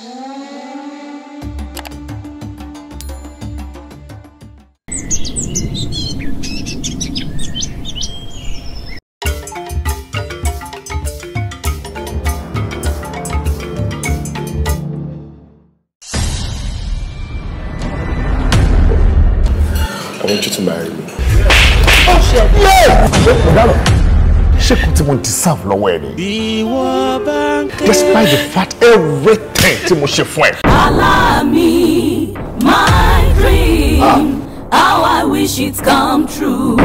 I want you to marry me. Oh shit! No! Ṣé kò tí mo deserve lọ́wọ́ ẹ Despite the fact everything. everything tí mo ṣe fún ẹ. alami my dream how ah. i wish it come true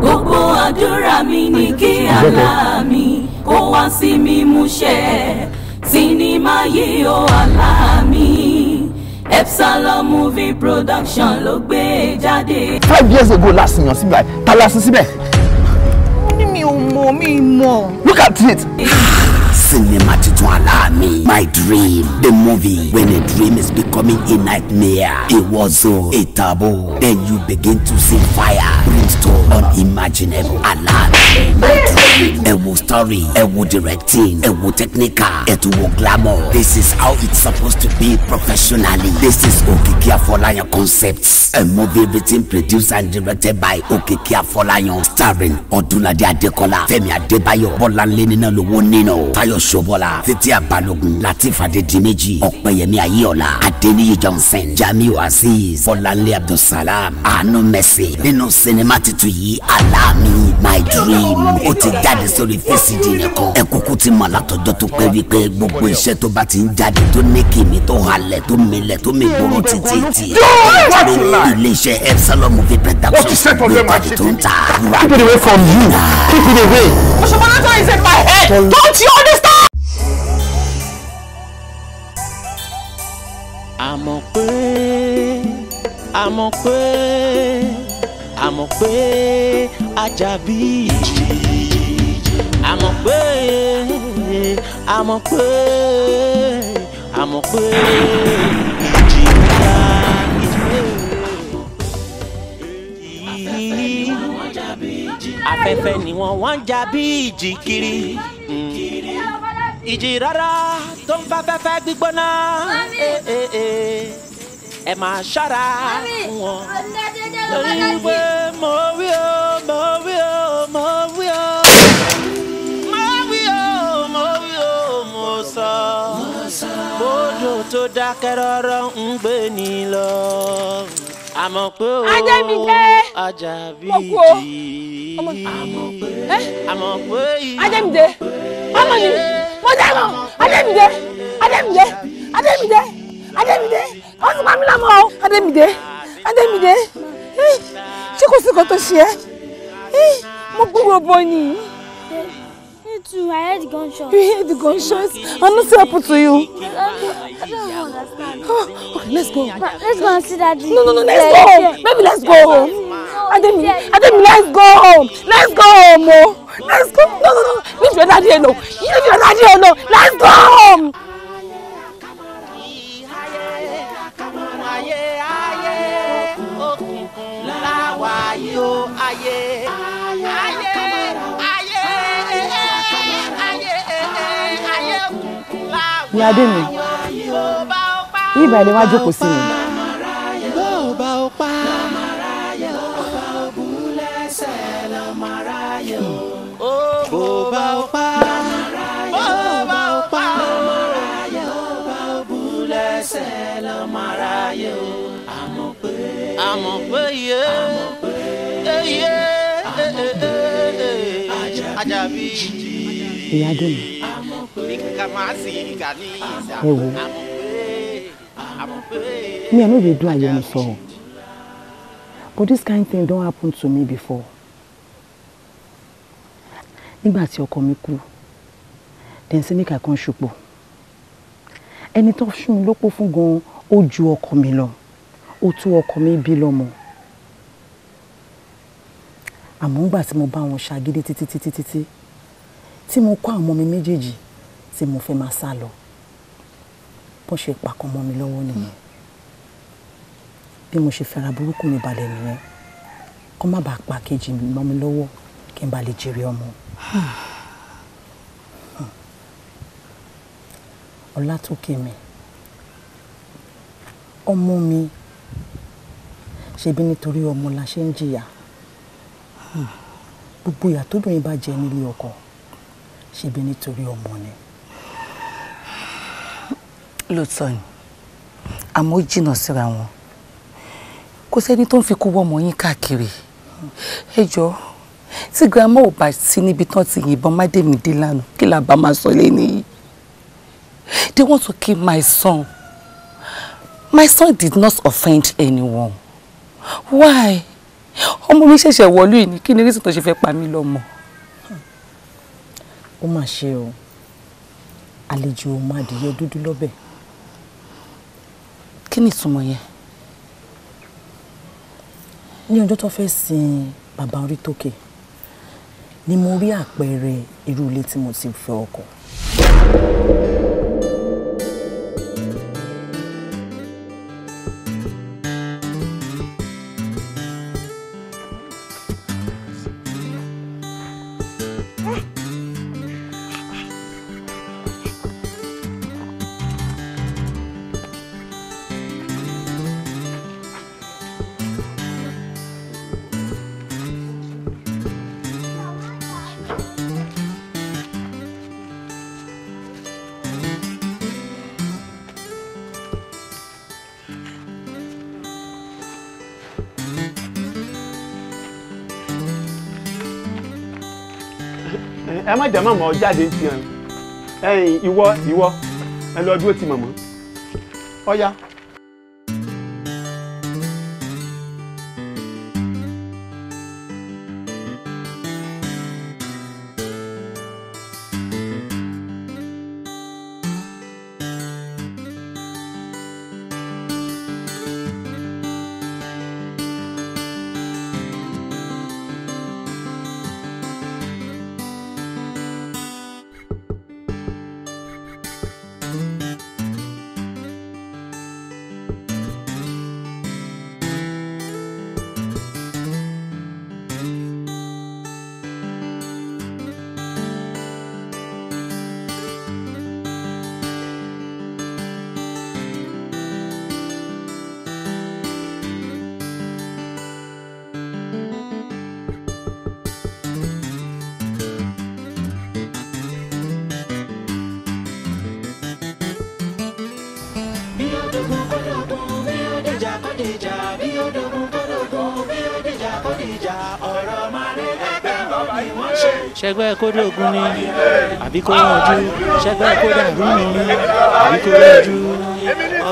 gbogbo àdúrà mi ní kí alami kó wá sí mi múṣẹ sinima yìí ó alami epsilon movie production ló gbé jáde. five years ago last yan síbẹ̀ ta la sin síbẹ̀. ó ní mi ò mọ̀ mi mọ̀. look at it sinimá titun aláàmì my dream the movie when a dream is becoming a nightmare a war zone a taboo then you begin to see fire brimstone unimaginable aláàmì my dream ẹ story ẹ directing ẹ technical ẹ tún glamour this is how it's supposed to be professionally this is Okiki Afolayan concepts a movie written produced and directed by Okiki Afolayan starring Odunlade Adekola Femi Adebayo Bolanle Ninalowo Nino Tayo ṣọbọlá títí àbálògùn látífàdé di méjì ọpẹyẹmí ayéọlá adéníyí johnson jamiu azeez fọláńlé abdulsalam àánú mercy nínú sinimá titun yìí aláàmì my dream ó ti jáde sórí fcd nìkan ẹ ti mọ̀ látọjọ́ tó pẹ́ wípé gbogbo iṣẹ́ tó bá ti ń jáde tó ní kìmí tó halẹ̀ tó milẹ̀ tó mi gbóró títí tí ilé iṣẹ́ epsilon movie production ló tọ́jú tó ń ta. keep it away from you keep it away. oṣù mọ́nátọ́ is in my head don't you understand. àmọ̀ pé àmọ̀ pé àmọ̀ pé Àjàbí ìjì àmọ̀ pé àmọ̀ pé àmọ̀ pé ìjì ńlá ìjì afẹ́fẹ́ ni wọ́n wọ́n ń jà bí ìjì kiri ìjì rárá tó ń fafẹ́fẹ́ gbígbóná eh, eh, eh. ẹ máa ṣọ́ra wọn lórí pé mo wí o mo wí o mo wí o mo wí o mo wí o mo sọ bódò tó dákẹ́ rọ́rọ́ ń gbé ni lọ àmọ́ pé o ajá bíi jì àmọ́ pé àmọ́ pé ìyá àmọ́ pé ọmọ mi mo dẹ́mọ̀ adémídé adémídé adémídé adémídé wọ́n ti pa mí lọ́mọ o adémídé adémídé ṣé kò sí kan tó ṣe ẹ́ mo gbúrò bọ́ ni. too. I heard the gunshots. You heard the gunshots? And nothing happened to you. I don't, I don't understand. okay, let's go. But let's go and see Daddy. No, no, no, let's go Maybe let's go home. No, Ademi, Ademi, let's go home. Let's go home, oh. Let's go. No, no, no. Leave your daddy alone. Leave your daddy alone. Let's go home. Ní adé mi, ní ìbàlẹ̀ wá jókòó sí mi. àmọ̀ pé yé yé Àjàbí. ìyá dèmi. ẹ wo me i no dey do ayemi so but this kind thing don happen to me before nígbà tí ọkọ mi kú then say make i come ṣùpọ̀ ẹni tó fún mi lópò fún gan-an ó ju ọkọ mi lọ ó tú ọkọ mi bí lọ́mọ àmọ́ ńgbà tí mo bá wọn ṣàgídí títí títí títí tí mo kó àwọn ọmọ mi méjèèjì tí mo fẹ́ máa sá lọ bó ṣe pàkọ́ mọ́ mi lọ́wọ́ nìyẹn bí mo ṣe fẹ́ra burúkú mi balẹ̀ nìyẹn kó má bàa pa kejì mọ́ mi lọ́wọ́ kí n bá lè jèrè ọmọ. Ọlátúnkẹ́ mi ọmọ mi ṣebí nítorí ọmọ la ṣe ń jìyà hmm. gbogbo ìyà tóbìnrin bá jẹ nílé ọkọ ṣebí nítorí ọmọ ni. lóòótọ́ ni àmọ́ ó jìnnà síra wọn kò sẹ́ni tó ń fi kú wọ́mọ yín káàkiri ẹ jọ tí grandma ò bá sí níbi tán ti yìnbọn mádèmídé lánàá kí la bá máa sọ lẹ́nu yìí they want to kill my son my son did not offend anyone why ọmọ mi ṣẹ̀ṣẹ̀ wọlé yìí ni kí ni reason tó ṣe fẹ́ pa mí lọ́mọ. ó mà ṣe o àlejò ọmọ adìyẹ dúdú lọ́bẹ̀. kí ni ìtumọ̀ yẹn. ní ọjọ́ tó fẹ́ sin bàbá orí tókè ni mo rí àpẹẹrẹ irú ilé tí mo ti fẹ́ ọkọ. ẹ má jẹ́ mọ̀mọ́ jáde ti hàn ẹ̀yìn ìwọ ìwọ ẹ lọ dúró ti mọ̀mọ́ ọ̀ya. ṣẹgbẹ́ kó dógun ni àbí kó yanjú ṣẹgbẹ́ kó dàrú ni àbí kó yanjú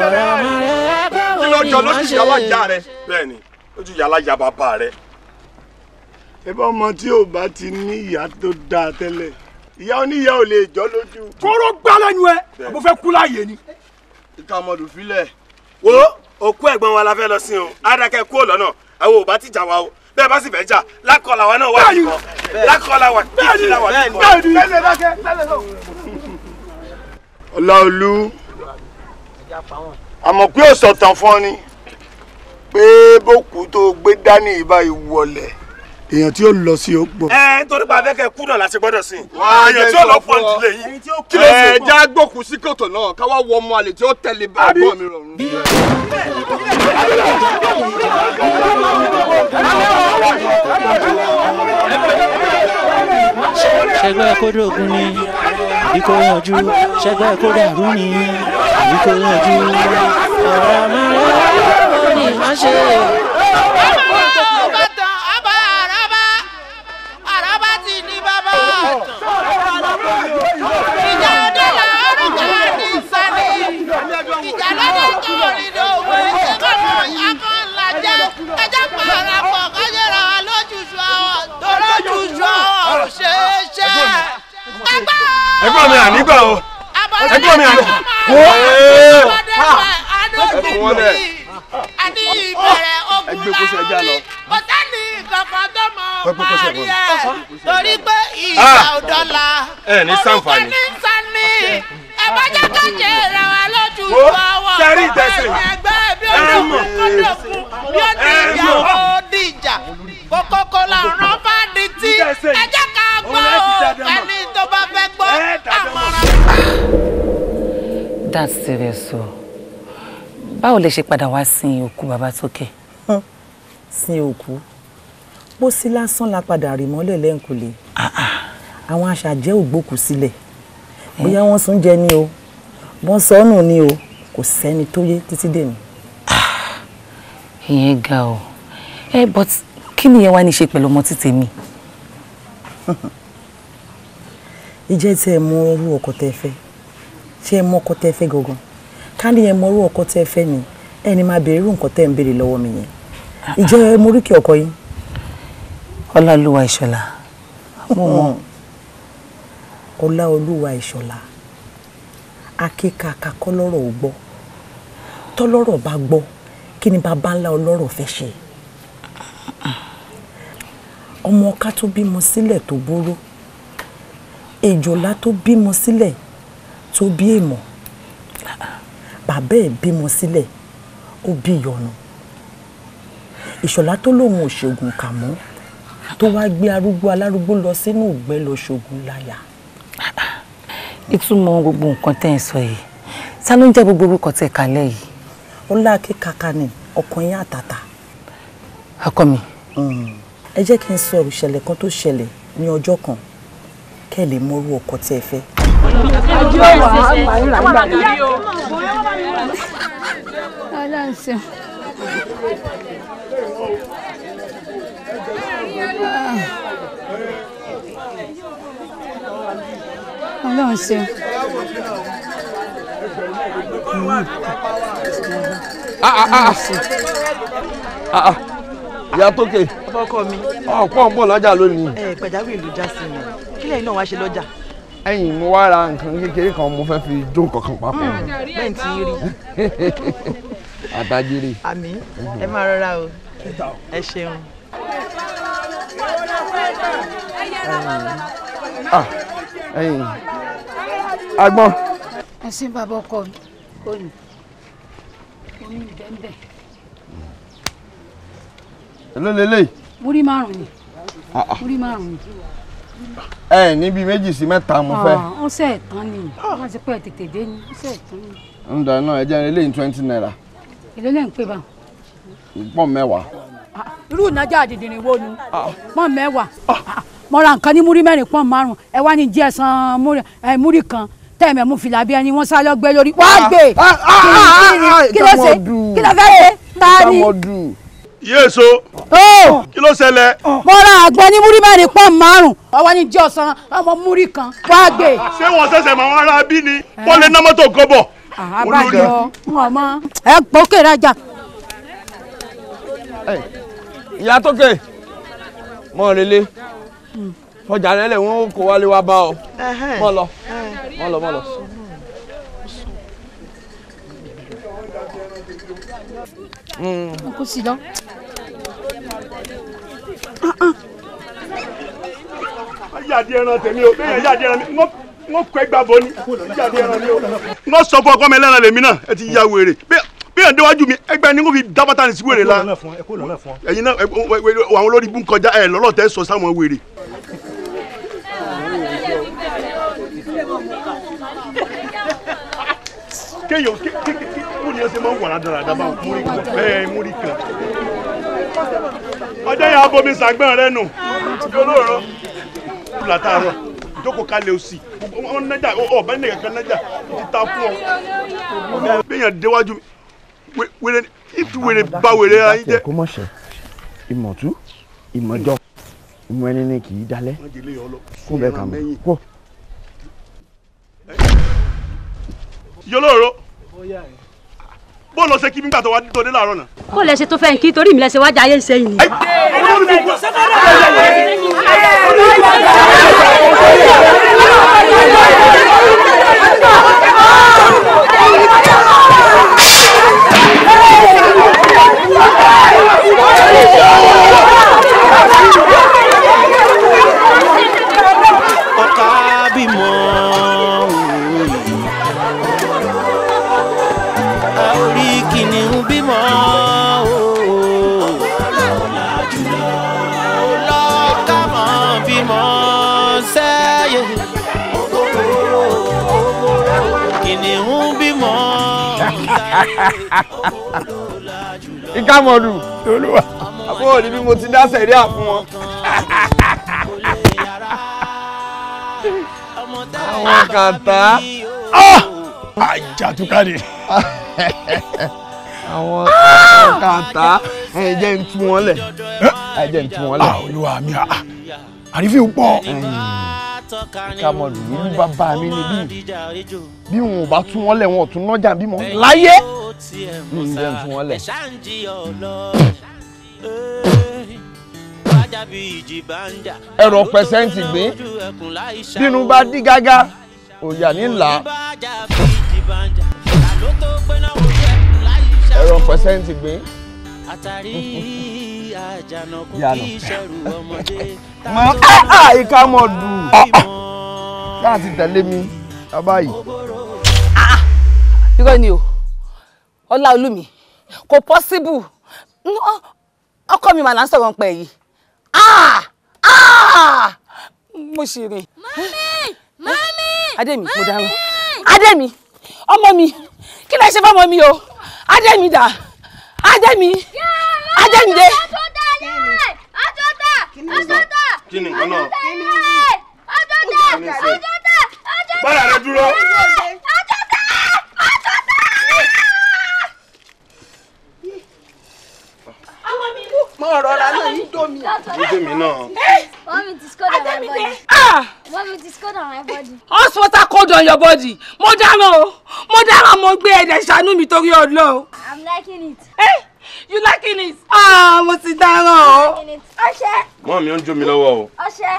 ọ̀rọ̀ ọmọ rẹ báwo ni wọ́n ṣe. lójú yàrá ìyá rẹ bẹ́ẹ̀ ni lójú yàrá ìyá bàbá rẹ. ẹbá ọmọ tí ò bá ti ní ìyá tó dáa tẹ́lẹ̀ ìyá oníyá ò lè jọ lójú. kóró gbá lẹ́nu ẹ àbò fẹ́ kú láàyè ni. ìka ọmọdù filẹ̀. wo òkú ẹ̀gbọ́n wa la fẹ́ lọ sí o adakẹ́ kú ò lọ́nà àwọn ò bá ti jà wa o bẹ́ẹ̀ bá sì fẹ́ jà lákọ̀ọ́ làwa náà wà nìkan lákọ̀ọ́lá wà kíkì la wà kíkọ̀ tẹ́lẹ̀ dákẹ́ tẹ́lẹ̀ lọ. ọláolú àmọ̀ pé òsọ̀tàn fún ọ ni pé bókú tó gbé dání ìbá ìwọlẹ̀ èèyàn tí ó lọ sí ó gbọ́. ẹ nítorí pé abẹ́kẹ̀ kú náà láti gbọ́dọ̀ sí èèyàn tí ó lọ fún ọ̀n tilẹ̀ yìí. ẹ já gbòkú sí kòtò náà káwá wọ ọmọ àlè tí ó tẹ̀lé bá àgbọ̀ mi rọrùn. ṣẹgbẹ́ kó dóògùn ni àbí kó yanjú ṣẹgbẹ́ kó dàrú ni àbí kó yanjú ọ̀rọ̀ mẹ́rin ló ní má ṣe. ẹ jẹ́ pààrà pọ̀ kájẹ́ lójúṣu àwọn lójúṣu àwọn ò ṣe mi ànígbà o ẹ̀gbọ́n mi ànígbà o. ẹ̀gbọ́n mi àní ìbẹ̀rẹ̀ ogun láwọn kò sẹ́ni kankan tó mọ máa rí ẹ̀ torí pé ìgbà ò orúkọ ní sani ẹ̀ bá jẹ́ kájẹ́ that's serious o báwo lè ṣe padà wá sin òkú bàbá tókè. sin òkú bó sí lásán la padà rì mọ́lẹ̀ lẹ́ǹkùlé ah, ah. àwọn aṣàjẹ́ ògbókù sílẹ̀ eh? bóyá wọ́n sún jẹ ní o wọ́n sọ ni o kò sẹ́ni tó yé títí dèmi. Ah, ìyẹn ga o ẹ eh, but kí nìyẹn wá ní í ṣe pẹ̀lú ọmọ títí mi. ìjẹ́ tí ẹ mọ orú ọkọ tẹ fẹ́ ṣé ẹ mọ ọkọ tẹ fẹ́ gangan ká ní ẹ mọ orú ọkọ tẹ fẹ́ ni ẹni máa béèrè irú nǹkan tẹ́ ń béèrè lọ́wọ́ mi yẹn ìjẹ́ ah, ẹ mọ oríkì ọkọ yín. ọlá olúwa ìṣọ̀lá mo mọ. ọlá olúwa ìṣọ̀lá akékaka kọ́ lọ́rọ̀ ò gbọ́ tọ́lọ́rọ̀ bá gbọ́ kí ni bàbá ńlá ọlọ́rọ̀ fẹ́ ṣe ọmọ ọká tó bímọ sílẹ̀ tó bóró èjòlá tó bímọ sílẹ̀ tó bí èmọ̀ bàbá ẹ̀ bímọ sílẹ̀ ó bí ìyọnu ìṣọ̀lá tó lóun ò ṣògùn kà mọ́ tó wá gbé arúgbó alárúgbó lọ sínú ìgbẹ́ lọ ṣògùn láyà ìtumọ̀ gbogbo nǹkan tẹ́ ẹ̀ sọ yìí ta ló ń jẹ́ gbogbo orúkọ tẹ́ kalẹ̀ yìí. ó láàkì kàkà ni ọkùnrin àtàtà. ọkọ mi. Hmm. ẹ jẹ́ kí n sọ ìṣẹ̀lẹ̀ kan tó ṣẹlẹ̀ ní ọjọ́ kan kẹ́ ẹ lè mọ orú ọkọ tẹ́ ẹ fẹ́. ọlọ́run ṣeun. Ọlọ́run ah, ah, ah, ah ìyá tókè. ọkọ mi. ọ̀pọ̀ ń bọ̀ lọ́jà lónìí. ẹ pẹ̀jáwìrì ló já sí mi kílẹ̀ náà wá ṣe lọ́jà. ẹ̀yin mo wá ra nǹkan kékeré kan mo fẹ́ fi dún kankan papọ̀. Mm. bẹ́ẹ̀ ti rí. àtàjèrè. àmín ẹ máa rọra o ẹ ṣeun. ah agbọn. ẹ̀sìn bàbá ọkọ mi kò ní omi bẹ́ẹ̀ èló lélẹ̀. múrí márùn ni ah, ah. múrí márùn ni. ẹ níbi méjì sí mẹ́ta mo fẹ́. Ah, ó ṣe é tán ni wọ́n ti pẹ́ tètè dé ni ó ṣe é tán ni. ń dà náà ẹ jẹ́ eléyìí twenty naira. èló lẹ́ ń pè bá. pọ́n mẹ́wàá. irú ìnájà àdìdìrín wo ni pọ́n mẹ́wàá mo ra nǹkan ní múrí mẹ́rin pọ́n márùn ẹ wá ní jẹ́ san múrí kan tẹ́ẹ̀mẹ̀ mú fìlà bí ẹni wọ́n sá lọ gbé lórí wá gbé kí ló ṣe kí ló fẹ́ ṣe ta ni. yéèso oh! kí ló ṣẹlẹ̀. mo ra àgbọn ní múrí mẹ́rin pọ́n márùn ọwọ́ ní jẹ́ ọ̀sán ọmọ múrí kan wá gbé. ṣé wọn ṣẹ̀ṣẹ̀ máa wá ra bí ni wọ́n lè ná mọ́tò gọ́bọ̀. àbájọ ah, ìyá tókè mọ̀ ọjà rẹ lẹ wọn kó wálé wá bá ọ mọ lọ mọ lọ mọ lọ. kò sí lọ. yàdí ẹran tèmi o bẹ́ẹ̀ yàdí ẹran mi wọ́n kọ́ ẹgbàá bọ́ ni yàdí ẹran mi o. sọ fún ọkọ mi lẹ́ran lèmi náà ẹ ti ya wèrè bí yàn déwájú mi ẹgbẹ́ ni kò fi dábàtà ní síwèrè la ẹ̀yin náà àwọn olórí bú kọjá ẹ̀ lọ́lọ́ tẹ́ sọ sáwọn wèrè. kéèyàn kó ni ẹ ṣe máa ń wà ládàradà bá múrí kan ẹ múrí kan ọjọ́ yẹn abomi sàgbọ́n rẹ nù olóòrò látàárọ̀ jókòó kalẹ̀ òsì wọn nájà ọ̀bẹ nìkan kan nájà ti ta fún ọ. bẹ́ẹ̀ yẹn déwájú mi wèrè wèrè bá wèrè ra yín jẹ́. kó mọ̀ ṣe ìmọ̀tú ìmọ̀jọ ìmọ̀ ẹni ni kì í dalẹ̀ kó bẹ́ẹ̀ kà mọ́ kó. yọlọ́rọ̀ bó lọ ṣe kí nígbà tó wá tó dé láàárọ̀ náà. kó lẹ ṣe tó fẹ́ kí torí mi lẹ ṣe wájà ayé ìṣẹ́yìn ni. Thank you. ìkàmọ̀dù olúwa àbúrò ni bí mo ti dá sẹ̀ríà fún wọn. àwọn kàtá ah! àjàtúkàdé àwọn kàtá ẹ̀jẹ̀ ń tú wọn lẹ̀ ẹ̀jẹ̀ ń tú wọn lẹ̀. Ah, olúwa mi ah, àrífín pọ̀ kàmọ lùmí ní bàbá mi níbí bí wọn ò bá tún wọn lẹ wọn ò tún nájà bímọ láyé ní ìdẹ tún wọn lẹ. ẹ̀rọ pẹ̀sẹ́ǹtì gbé bínú bá dí gágá òyà nílà ẹ̀rọ pẹ̀sẹ́ǹtì gbé. àtàrí mọ ah, ah, ìka mọ dùn láti ah, tẹ̀lé mi báyìí. irọ́ ni o ọlá olúmi kò pọ́síbù ọkọ mi mà là ń sọ̀rọ̀ pẹ̀ yìí mo ṣì rìn. mami adémi mo dáhùn adémi ọmọ mi kí lè ṣe fọmọ mi o adémi dà adémi adémi dé. yàrá àtúntà lẹ́ẹ̀ àtúntà àtúntà kí ni nǹkan náà. ọjọ́ tẹ ọjọ́ tẹ ọjọ́ tẹ ọjọ́ tẹ. bára rẹ dúró. ọjọ́ tẹ ọjọ́ tẹ. ọmọ mi lù. mo rọra náà ní domi. ní domi náà. Mommy discover my body. Ah! Mommy discover my body. Hospital cold on your body. Mo dáràn o. Mo dáràn mo gbé ẹ̀dẹ̀ ṣàánú mi torí Ọlọ́run. I'm liking it. Eh? you liking it? ah mo ti dáràn o. ọṣẹ. mọ mi ò ń jó mi lọ́wọ́ o. ọṣẹ.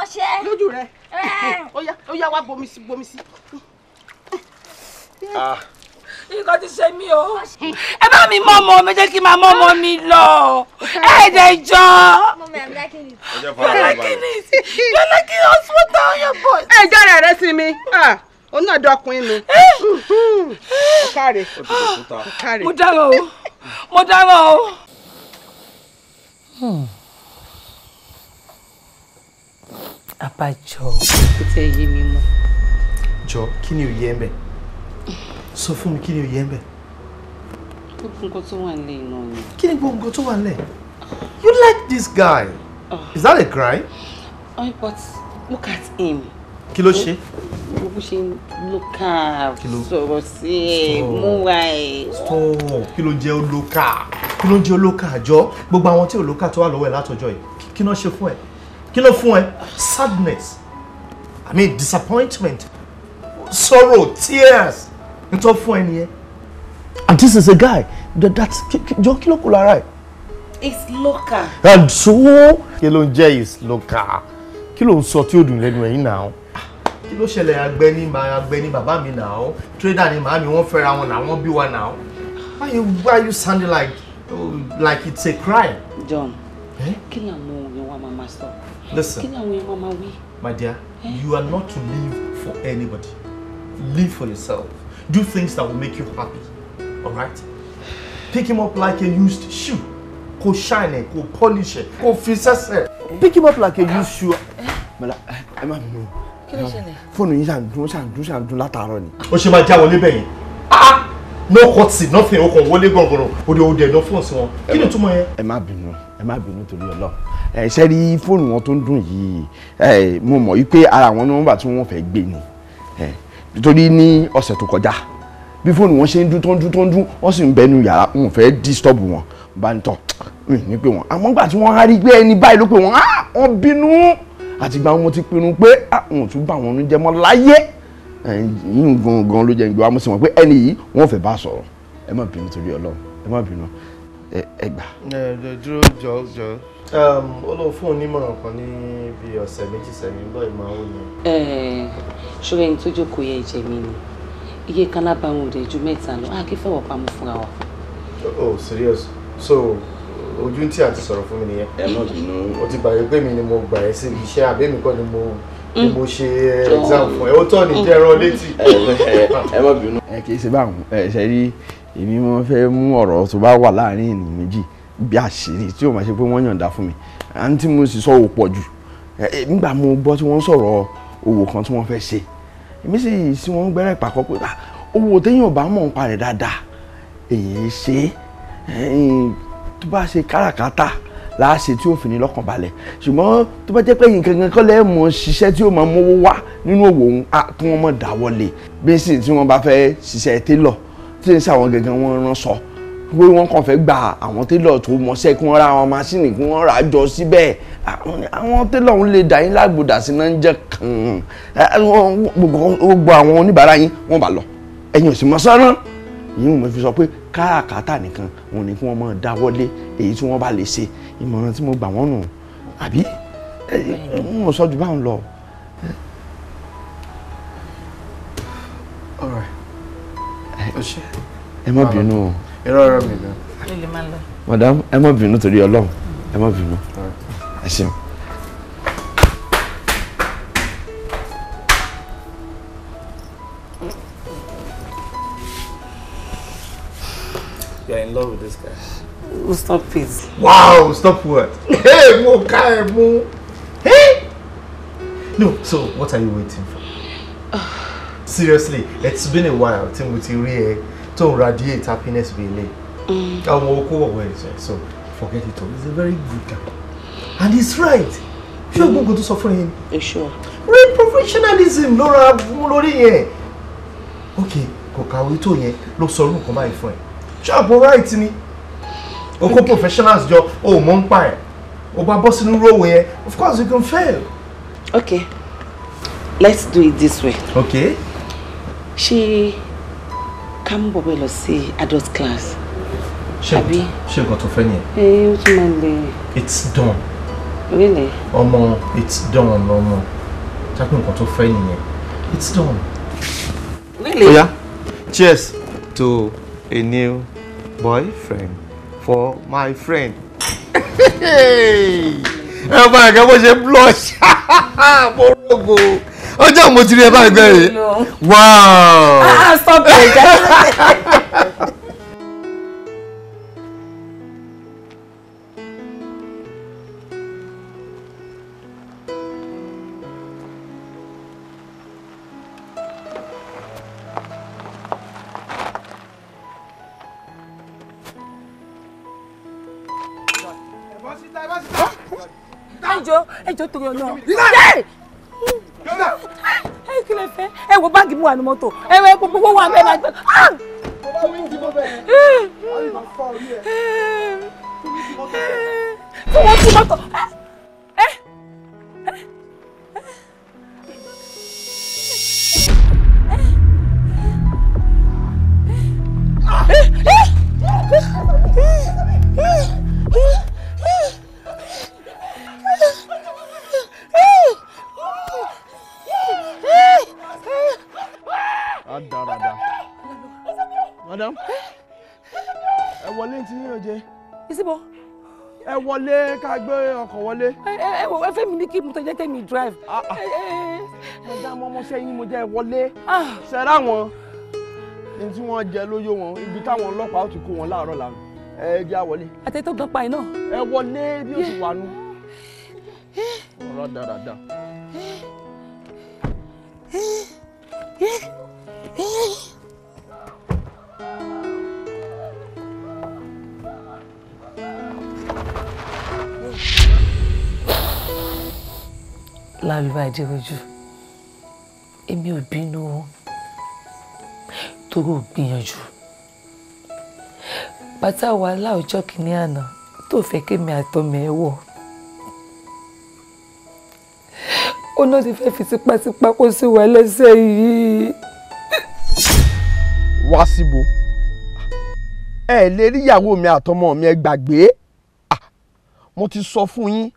ọṣẹ. lójú rẹ óyá óyá wá bomi sí bomi sí. Ah. nǹkan ti ṣe mí o. ẹ bá mi mọ ọmọ mi jẹ́ kí n máa mọ ọmọ mi lọ ẹ jẹ́ jọ. yọ̀lá kí ni hospital your boy. ẹ jọ́ rẹ̀ rẹ́ sí mi. Ah ó náà dọkùnrin nu ọkàrè eh! ọkàrè. mo dára o mo dára o. Hmm. abájọ kò tẹ yé mi mọ́. jọ kí ni òye ẹ bẹ sọ fún mi kí ni òye ẹ bẹ. gbogbo tó wà nílẹ̀ iná ni. kí ni gbogbo tó wà nílẹ̀ you like this guy ah. is that a cry? Oh, but look at him kí ló ṣe. bó ṣe ló kà sọ̀rọ̀ sí ẹ̀ múra ẹ̀. stop kí ló jẹ́ olókà kí ló jẹ́ olókà àjọ gbogbo àwọn tí olókà tó wà lọ́wọ́ ẹ̀ látọjọ́ yìí kí ló ṣe fún ẹ kí ló fún ẹ sadness i mean disappointment sorrow tears n tó fún ẹ nìyẹn. and this is a guy that that jọ kí ló kù lára ẹ. it's local. and so kí ló ń jẹ́ it's local kí ló ń sọ tí ó dùn lẹ́nu ẹ̀yìn náà kí ló ṣẹlẹ̀ àgbẹ̀ ni màá àgbẹ̀ ni bàbá mi nà ó trader ni màámi wọ́n fẹ́ra wọn nà wọ́n bí wa nà ó why you why you sounding like oh, like it's a crime. John eh? kí ni àwọn èèyàn wa máa ma sọ kí ni àwọn èèyàn wa máa wí. my dear eh? you are not to live for anybody live for yourself do things that will make you happy All right? pick him up like a used shoe kó shine ẹ kó polish ẹ kó fi sẹsẹ pick him up like a used shoe. Eh? ẹ má mi fóònù yìí ṣàǹdún ṣàǹdún ṣàǹdún látàárọ̀ ni. ó ṣe máa já wọlé bẹ́yìn ah, ah. no cuts it nothing o kàn wọlé gbọ̀ngàn òde òde ẹ̀dọ̀ fóònù sí wọn kí ni túmọ̀ yẹn. ẹ má bínú ẹ má bínú torí ọlọ ẹ ṣe rí fóònù wọn tó ń dùn yìí ẹ mo mọ̀ wípé ara àwọn nọ́mbà tí wọ́n fẹ́ gbé ni ẹ torí ní ọ̀sẹ̀ tó kọjá bí fóònù wọn ṣe ń dún tó ń dún tó ń dún wọ́n sì ń bẹnu yàrá wọn fẹ́ disturb wọn bá ń tọ̀ ní pé wọn àmọ́ gbà tí wọ́n á rí pé ẹni báyìí ló pé wọ́n á ah, wọ́n bínú àtìgbà wọn mo ti pinnu pé àwọn ah, ò tún bá wọn jẹ mọ́ láyé yín gangan ló jẹ ìgbà mo sì mọ̀ pé ẹni yìí wọ́n fẹ́ bá sọ̀rọ̀ ẹ má bínú torí Ọlọ́run ẹ má bínú ẹ gbà. ẹ dúró jọ jọ olóò um, fún onímọ̀ràn kan ní bí ọ̀sẹ̀ méjì sẹ́yìn lọ́ọ̀ ìmọ̀ àwọn yẹn. ṣọlá ẹni tó jókòó yẹ ìjẹ mi ni iye kan lábàáwọn òde ju mẹ́ta lọ àkífẹ́wọ̀ pamọ́ fúnra wa. oh serious so ojú tí a ti sọ̀rọ̀ fún mi nìyẹn. ẹ má bínú. o ti gbàgbé pé mi ni mo gbà ẹ́ síbi iṣẹ́ àbẹ́mi kọ́ ni mo ni mo ṣe exam fún ẹ ó tọ́ ní jẹ́ ẹran létí. ẹ má bínú. ẹ kì í ṣe báwọn ẹ ṣe rí èmi mo fẹ́ mú ọ̀rọ̀ tó bá wà láàrin ènìyàn méjì bí àṣírí tí o máa ṣe pé wọ́n yànda fún mi àǹtí mo sì sọ òpọ̀ jù nígbà mo gbọ́ tí wọ́n sọ̀rọ̀ òwò kan tí wọ́n fẹ́ ṣe èmi sì sí wọn gbẹ́rẹ́ pàkọ́ pé ah, owó téèyàn bá mọ̀ ń parẹ́ dáadáa èyí ṣe tó bá ṣe káràkátà la ṣe tí ó fi ní lọ́kàn balẹ̀ ṣùgbọ́n tó bá jẹ́ pé yìí gangan kọ́ lẹ́ mọ̀ ṣiṣẹ́ tí ó máa mówó wá nínú òwò òun kí wọ́n mọ̀ dáwọ́lé bẹ́sìn tí wọ́n bá fẹ́ ṣiṣẹ́ télọ̀ tí ń ṣàwọn gangan wọn rán sọ pé wọ́n kàn fẹ́ gba àwọn télọ̀ tó mọṣẹ́ kí wọ́n ra àwọn máṣíìnì kí wọ́n rà á jọ síbẹ̀ àwọn télọ̀ ń lè dà yín lágbòdà sí náà ń jẹ́ kàn án gbogbo àwọn oníbàárà yín wọ́n bá lọ ẹ̀yin ò sì mọ̀ sọ́rán yìí mo fi sọ pé káràkátà nìkan òun ni kí wọ́n máa dáwọ́lé èyí tí wọ́n bá lè ṣe ìmọ̀ràn tí mo gbà wọ́n nù àbí n ò sọ jù báwọn lọ. ẹ má bínú o. irọ́ rẹ̀ mi gan. madam ẹ má bínú torí ọlọ́run ẹ má bínú ẹ ṣeun. love with this guy. Oh, stop it. Wow, stop what? Hey, mo kai e mo. Hey. No, so what are you waiting for? Seriously, it's been a while tí mo ti rí radiate happiness be le. Mm. Àwọn oko owo so forget it all. He's a very good guy. And he's right. Ṣé going to suffer him. You Sure. Real professionalism ló ra mú lórí yẹn. Okay, kò kàwé tó yẹn ló sọ orúkọ báyìí fún ṣáàbù right ni o kó professionals jọ o ò mọ̀ ń pa ẹ̀ o bá bọ́ sínú róòwò yẹn of course you can fail. okay let's do it this way. okay. ṣé ká mú bọ̀bọ̀ lọ sí adult class. ṣé ṣé nǹkan tó fẹ́ nìyẹn. ẹ o tún máa lè. it's done. really. ọmọ it's done ọmọ tákùn nǹkan tó fẹ́ nìyẹn it's done. really. oya cheers to a new boyfriend for my friend. ẹ bá ẹ̀ka bó ṣe blush mo rògbò ọjọ́ mo ti rí ẹ bá ẹgbẹ́ rẹ̀ wow. ah, ah torí Ọlọ́run. ẹ kí lè fẹ́ ẹ wo báàgì mú wa ní mọ́tò ẹ wọ epo gbogbo wa bẹ́ẹ̀ máa gbẹ. tí wọ́n ti mọ́tò. ká gbé ọkọ̀ wọlé. ẹ ẹ wọ mi ní kí mo tẹjẹ tẹmí drive. mo dá mọ́ mọ́ṣẹ́ yín mo jẹ́ wọlé. sẹ́rà wọn ní tí wọ́n jẹ lóyó wọn ibi táwọn ọlọ́pàá ó ti kó wọn láàárọ̀ lànà ẹ jẹ́ àwọlé. àtẹ̀tò gan pa iná. ẹ wọlé bí o ti wà nù. ọ̀rọ̀ dáradára. Yeah. láàbí bá jẹ́ ojú èmi ò bínú torí ò gbìyànjú bàtà wàhálà ọjọ́ kìíní àná tó fẹ́ kémi àtọ́mọ ẹ wọ̀ ó náà ti fẹ́ fi tipátipá kó sí wa lẹ́sẹ̀ yìí. wá síbo ẹ lè rí ìyàwó mi àtọmọ mi ẹ gbàgbé ah, mo ti sọ fún yín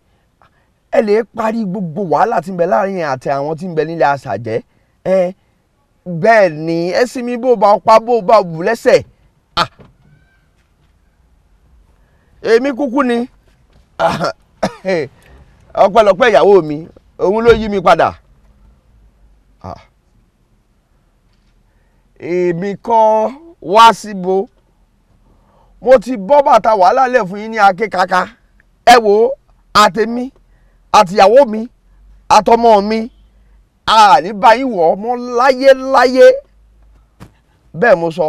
ẹ lè parí gbogbo wàhálà tí ń bẹ láàrin àti àwọn tí ń bẹ nílẹ̀ àṣàjẹ́ ẹ bẹ́ẹ̀ ni ẹ sì mi bó ba ọ̀pá bó ba òbú lẹ́sẹ̀ ah èmi kúkú ni ọpẹ́lọpẹ́ ìyàwó mi òun ló yí mi padà èmi kọ́ wá síbo mo ti bọ́ bàtà wàhálà lẹ̀ fún yín ní akékaka ẹ wo àtẹ̀mí àtìyàwó mi àtọmọ mi a ní báyìí wọ̀ ọmọ láyéláyé bẹ́ẹ̀ mo sọ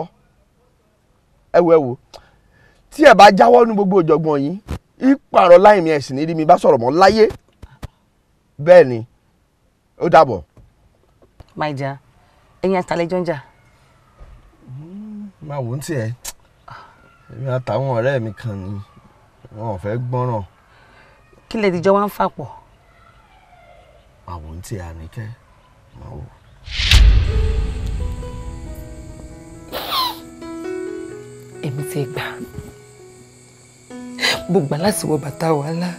ẹ wo ẹ wo tí ẹ bá jáwọ́ ní gbogbo ìjọ̀gbọ̀n yìí ìpààrọ̀ láì mi ẹ̀sìn nídìí mi bá sọ̀rọ̀ mọ́ láyé bẹ́ẹ̀ ni ó dàbọ̀. máa jà ẹ̀yin àtàlẹ́jọ́ ń jà. máa wò ó ń tiẹ̀ èmi àtàwọn ọ̀rẹ́ mi kan ni wọn ò fẹ́ gbọ́ràn kí lè dìjọ wá ń fà pọ̀. àwọn ń tẹ àníkẹ́ máa wò. èmi ti gbà mo gbà láti wọ bàtà wàhálà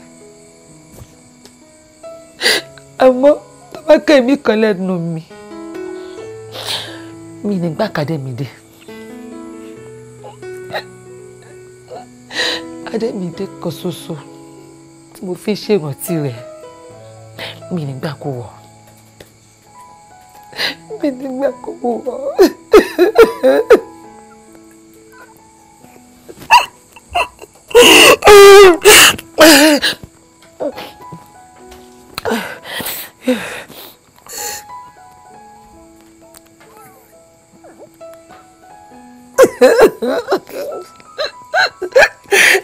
àmọ́ tó mi kan lẹ́nu mi mi ní gbàkadé mi dé. Adémídé kan ṣoṣo. So -so tí mo fi ṣèrántí rẹ̀ mi nígbà kó wọ̀ mi nígbà kó wọ̀.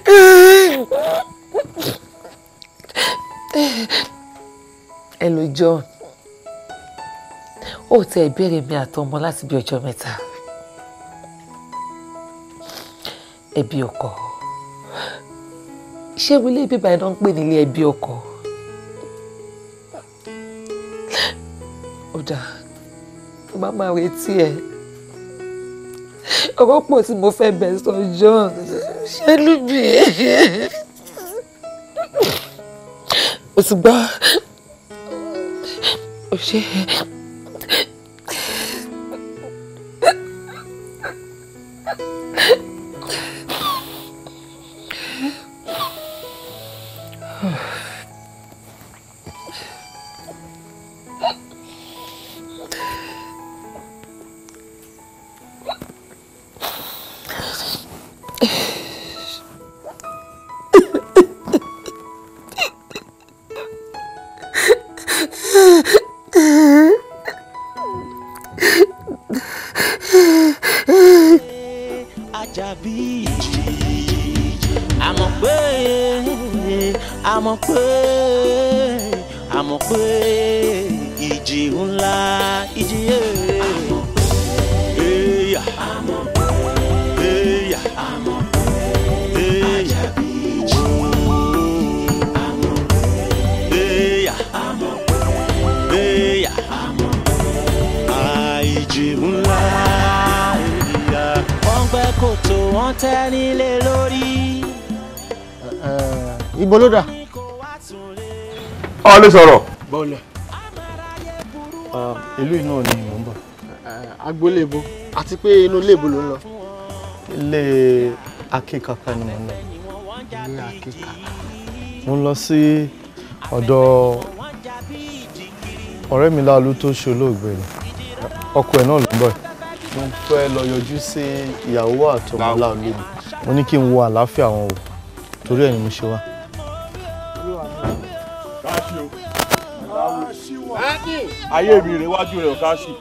Ha ha ha. Hello John ó tẹ ìbéèrè mi àtọmọ láti bí ọjọ́ mẹ́ta ẹbí ọkọ ṣé ilé bíbá iná ń pè nílé ẹbí ọkọ ó dáa má máa retí ẹ ọ̀rọ̀ pọ̀ tí mo fẹ́ bẹ̀ sọ John ṣé lùbí. ṣùgbọ́n ó ṣe sọ̀rọ̀. bọ́ọ̀lẹ̀ ìlú iná ni mò ń bọ̀. agboolebo àti pé inú iléèbó ló ń lọ. ilé akíkaka ni mò ń lọ. ilé akíkaka. mo ń lọ sí ọ̀dọ̀ ọ̀rẹ́ mi láàlú tó ṣe olóògbé ni ọkọ ẹ̀ náà ló ń bọ̀ mo fẹ́ lọ yọjú sí ìyàwó àtọmọ láàlú mo ní kí n wo àlàáfíà wọn o torí ẹ̀ ni mo ṣe wá. ayé mi iwaju wájú rẹ̀ ọ̀ká sí.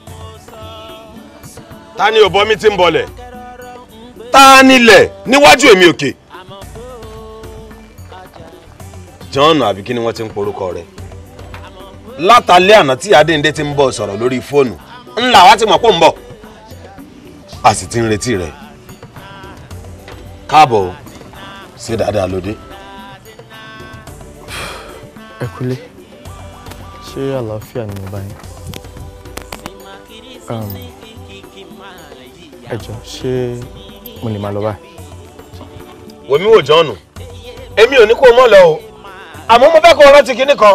ta ni òbọ mi ti ń bọlẹ̀ ta nílẹ̀ níwájú èmi òkè. John àbí kí ni wọ́n ti ń porúkọ rẹ̀ látàlẹ́ àná tí Adéǹdé ti ń bọ̀ sọ̀rọ̀ lórí fóònù ńlá wa ti mọ̀ pò ń bọ̀ a sì ti ń retí rẹ̀ káàbọ̀ ṣe dáadáa lóde. ẹ ṣé àlàáfíà ni mo bá yín? Um, ẹ jọ̀ọ́ ṣé mo lè máa lọ báyìí? wèmi wò jọ́ọ̀nù èmi ò ní kó o mọ̀ lọ o àmọ́ mo fẹ́ kó o rántí kinní kan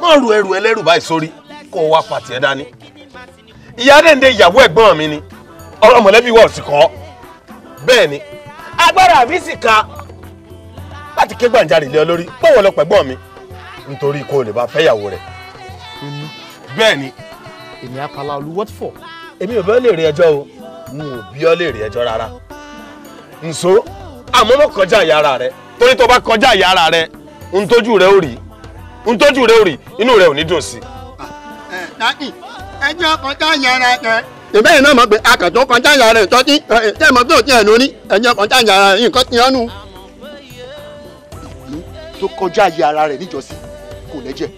má ru ẹrù ẹlẹ́rù báyìí sórí kó o wá pàtì ẹ̀ dání ìyá dẹ́ndé ìyàwó ẹ̀gbọ́n mi ni ọ̀rọ̀ mọ̀lẹ́bí wọ̀ sí kọ́ bẹ́ẹ̀ ni agbára mi sì ka láti ké gbàǹjarè lé ọ lórí bọ́wọ́ lọ pẹ̀gbọ́n mi nítorí kó o lè bá fẹ́yàwó rẹ̀ bẹ́ẹ̀ ni. èmi apala olú what for. èmi ò bí ọ lè rí ẹjọ́ o n ò bí ọ lè rí ẹjọ́ rárá. nso àmọ́ mọ́ kọjá ìyára rẹ torí tó bá kọjá ìyára rẹ n tójú rẹ ò rí n tójú rẹ ò rí inú rẹ ò ní dùn sí. dadi ẹjọ́ kọjá ìyára rẹ. ìbẹ́yìn náà mọ̀ pé akàtún kọjá ìyára rẹ tọ́jú tẹ́ mọ̀ pé òtí ẹ̀ lórí ẹjọ́ kọjá ìyára rẹ nǹkan ti yánu. tó kọjá ìyára rẹ níjọ́sí kò lẹ́jẹ̀.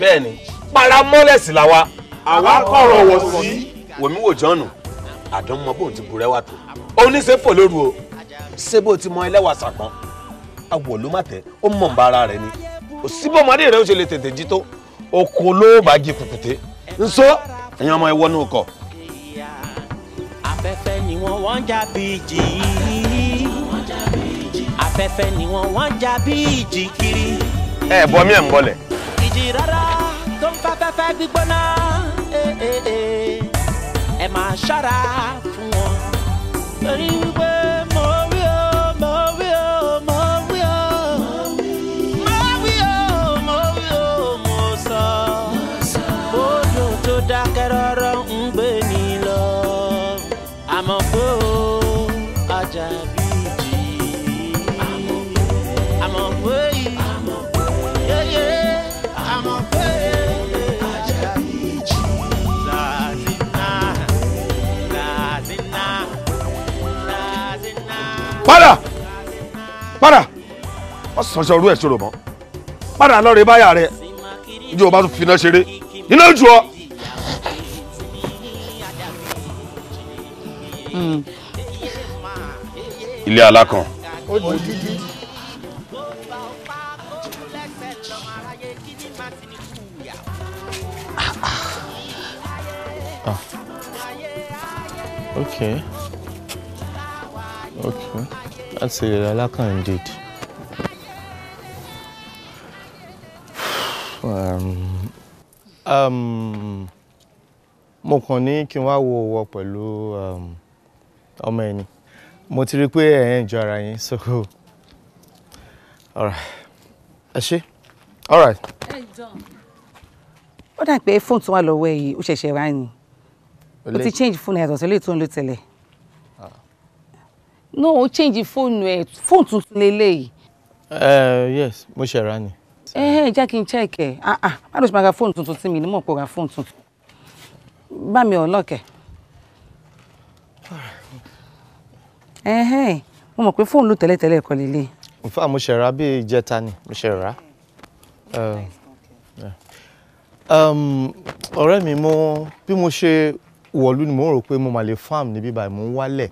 bẹ́ẹ̀ ni para mọ́lẹ̀ sí làwa. àwa kọ̀rọ̀ wọ̀ sí. wèmí wò jọ́nù àdánmọ́ bóun ti burẹ́ wà tó. oníṣẹ́fò lóru o ṣé bó ti mọ ẹlẹ́wà sàpọ̀n àwọ̀ ló má tẹ̀ ó mọ̀ nbà ara rẹ̀ ni kò sí bó ọmọdé rẹ̀ ó ṣe lè tètè jí tó oko ló bá jí kùkùté nso ẹ̀yin ọmọ ẹwọ́ ní ọkọ̀. afẹ́fẹ́ ni wọ́n wọ́n já bíjì afẹ́fẹ́ ni wọ́n wọ́n já bíjì kiri. ẹ bọ mí ẹ ń bọlẹ. ìjì rárá tó ń fẹ́fẹ́fẹ́ gbígbóná eh, eh, eh. ẹ máa ṣọ́ra fún wọn torí Para, wọ́n sọ̀sọ̀ orú ẹ̀ ṣòro mọ́ Para, lọ́ọ́ rẹ báyà rẹ ìjọba bá tún fi iná ṣeré iná jù ọ. Hmm. ilé alákan. Ah. Okay. Okay láti rẹ̀ alákàndé. mo kàn ní kí n wá wo wọ pẹ̀lú um, ọmọ ẹni mo ti rí pé ẹ̀ ń ara yín so ẹ ṣe alright. ó dà pé fóònù tó wà lọ́wọ́ ẹ̀ yìí ó ṣẹ̀ṣẹ̀ rà ni ó ti change fóònù yàtọ̀ sí ilé tó ń lò tẹ́lẹ̀ no o change fóònù ẹ fóònù tuntun lélẹ́yìí. Eh, yes mo ṣe ra ni. ẹ eh, ẹ jẹ́ kí check eh. ah ah má ló ṣe máa phone fóònù tuntun tí mi ní mọ̀ pé ó ra fóònù tuntun bá mi ọ̀ lọ́kẹ̀. Eh, mo mọ̀ pé fóònù ló tẹ́lẹ̀tẹ́lẹ̀ kọ́ lélẹ̀. in fact mo ṣe ra bíi ìjẹta ni mo ṣe ra. Um, ọ̀rẹ́ mi mo bí mo ṣe wọ̀lú ni mo rò pé mo mà lè farm níbí báyìí mo ń wálẹ̀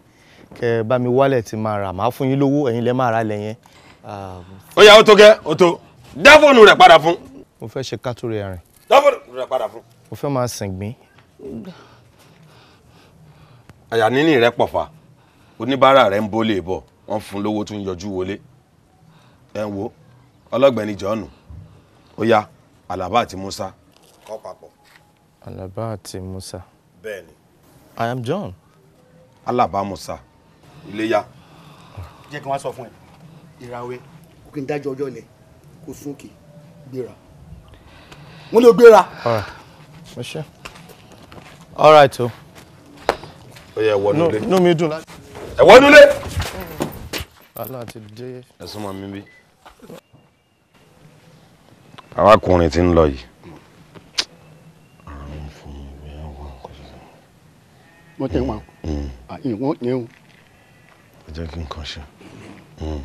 kẹ bá mi wálẹ̀ tí máa rà máa fún yín lówó ẹ̀yin lẹ máa ra lẹ̀ ó yá ó tó kẹ́ ó tó dá fóònù rẹ̀ padà fún. mo fẹ́ ṣe kátó rẹ̀ rìn. dá fóònù rẹ̀ padà fún. mo fẹ́ máa sìn gbín. àyà níní rẹ̀ pọ̀fà oníbàárà rẹ̀ ń bólè bọ̀ wọ́n fún lówó tún yọjú wọlé. ẹ ń wo ọlọ́gbẹ̀ni jọ́ọ̀nù ó yá alaba àti musa kọ́ papọ̀. alaba àti musa. bẹ́ẹ̀ni. i am john. alaba musa iléyà. jẹ́ kí wọ́n sọ fún ẹ ìràwẹ̀ kò kí n dájọ́ ọjọ́ ilẹ̀ kò súnkì gbéra wọ́n lè gbéra. all right o. ó yẹ ẹ̀wọ́ nulẹ̀. inú mi dùn láti. ẹ̀wọ́ nulẹ̀. aláà ti dé. ẹ̀sùn máa mi bí. arákùnrin tí ń lọ yìí. mo tẹ́ wọn. Mm. Ah, ìwọ́n ní o. ẹ jẹ́ kí n kàn hmm.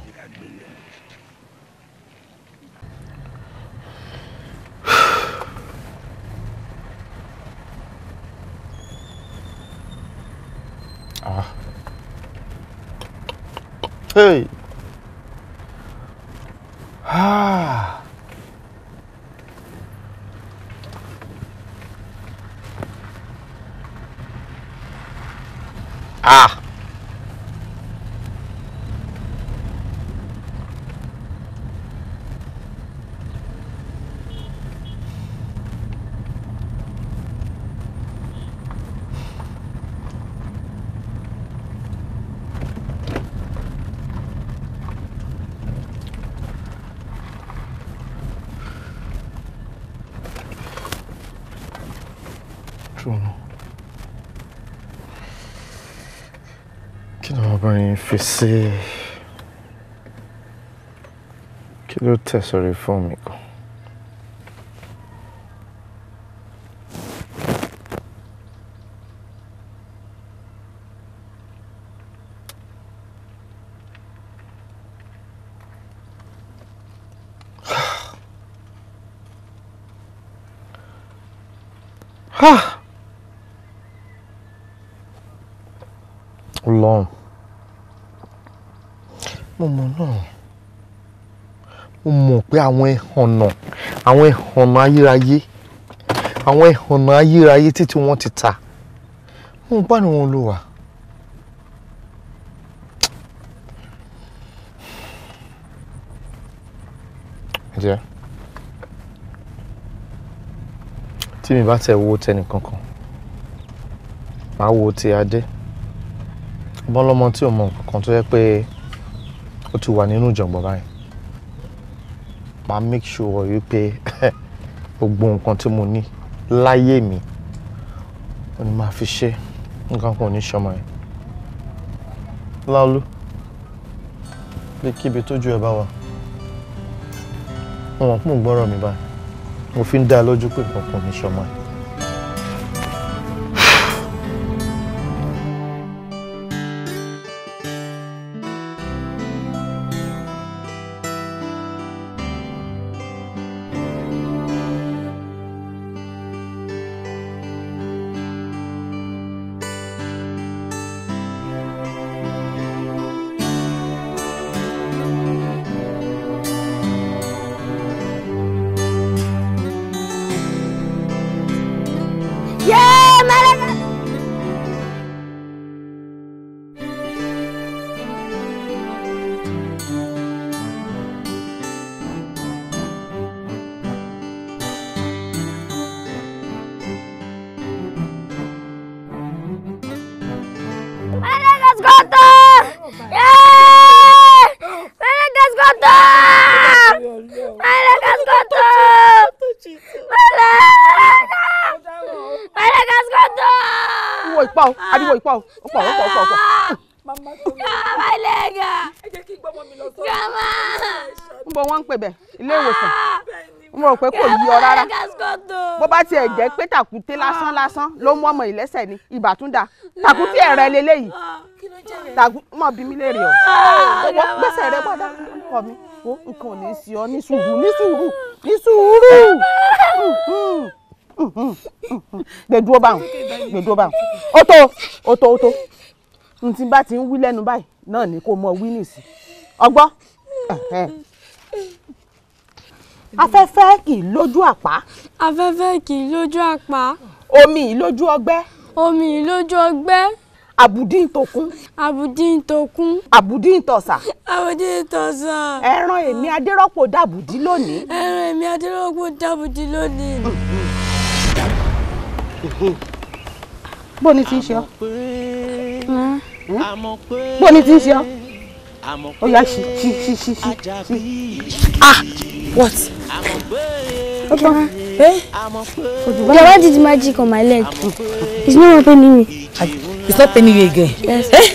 ah. ah. Ah. FC. Quero testar de fômico. pé àwọn ẹhànnà àwọn ẹhànnà ayérayé àwọn ẹhànnà ayérayé títí wọ́n ti ta wọ́n bá ní wọn lò wá. jẹ́ tí mi bá tẹ̀ wo tẹnì kankan màá wo ti adé ọmọlọ́mọ tí ò mọ nǹkan kan tó yẹ pé ó ti wà nínú ìjọ̀gbọ̀n báyìí. M'a make sure wípé gbogbo nǹkan tí mo ní láyé mi ó ní máa fi ṣe nǹkan kan ò ní ṣọmọ yẹn. Láolú bí kíbi tójú ẹ bá wà wọn kún gbọ́rọ̀ mi báyìí mo fi ń dá lójú pé nǹkan kan ò ní ṣọmọ yẹn. ọmọ ìlẹ́sẹ̀ ni ìbà tún dà tàkùn tí ẹ̀rẹ̀ leléyìí ah, tàkùn mọ̀ bí mi léèrè ah, ọ̀ gbèsè rẹ padà kọ mi wo nǹkan ò ní í sí ọ ní sùúrù ní sùúrù ní sùúrù gbèdúró báwọn gbèdúró báwọn ó tó ó tó ó tó n ti bá ti ń wí lẹ́nu báyìí náà ni kò mọ wí nìsí ọgbọ́ afẹ́fẹ́ kì í lójú àpá. afẹ́fẹ́ kì í lójú àpá omi ìlójú ọgbẹ́. omi ìlójú ọgbẹ́. àbùdí ìtòkún. àbùdí ìtòkún. àbùdí ìtọ̀sà. àbùdí ìtọ̀sà. ẹran èmi adérọ́pò dàbùdí lónìí. ẹran èmi adérọ́pò dàbùdí lónìí. bó ni ti ń ṣe ọ. bó ni ti ń ṣe ọ. ó yá ṣí ṣí ṣí ṣí ṣí. ah what. Papa, eh? Why did is magic on my leg? It's not paining me. It's not paining you again. Yes. Eh?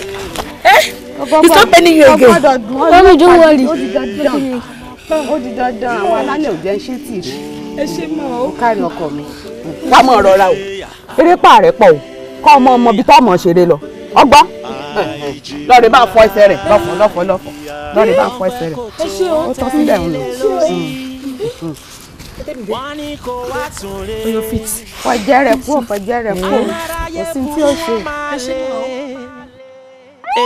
Eh? It's not paining you again. Mommy, don't worry. Ó di dandan àwọn alálẹ̀ ò jẹ́ ń ṣe tì í. Ẹ ṣe mọ̀ ó. Kárí ọkọ mi. Wá mọ̀ rọra o. Erépa rẹ̀ pọ̀ o. Kọ́ ọmọ ọmọ ibi Lo. ọmọ ṣeré lọ. Ọgbọ́n. Lọ́ọ̀rẹ́ bá fọ ẹsẹ̀ rẹ̀ lọ́fọ̀ lọ́fọ̀ lọ́fọ̀. Lọ́ọ̀rẹ́ bá fọ ẹsẹ̀ rẹ̀. Ó tọ́ sílẹ̀ ń lọ wọ́n ní kó wá tún lé ọjà rẹ̀ pọ̀ ọjà rẹ̀ pọ̀ ẹ̀sìn tí ó ṣe.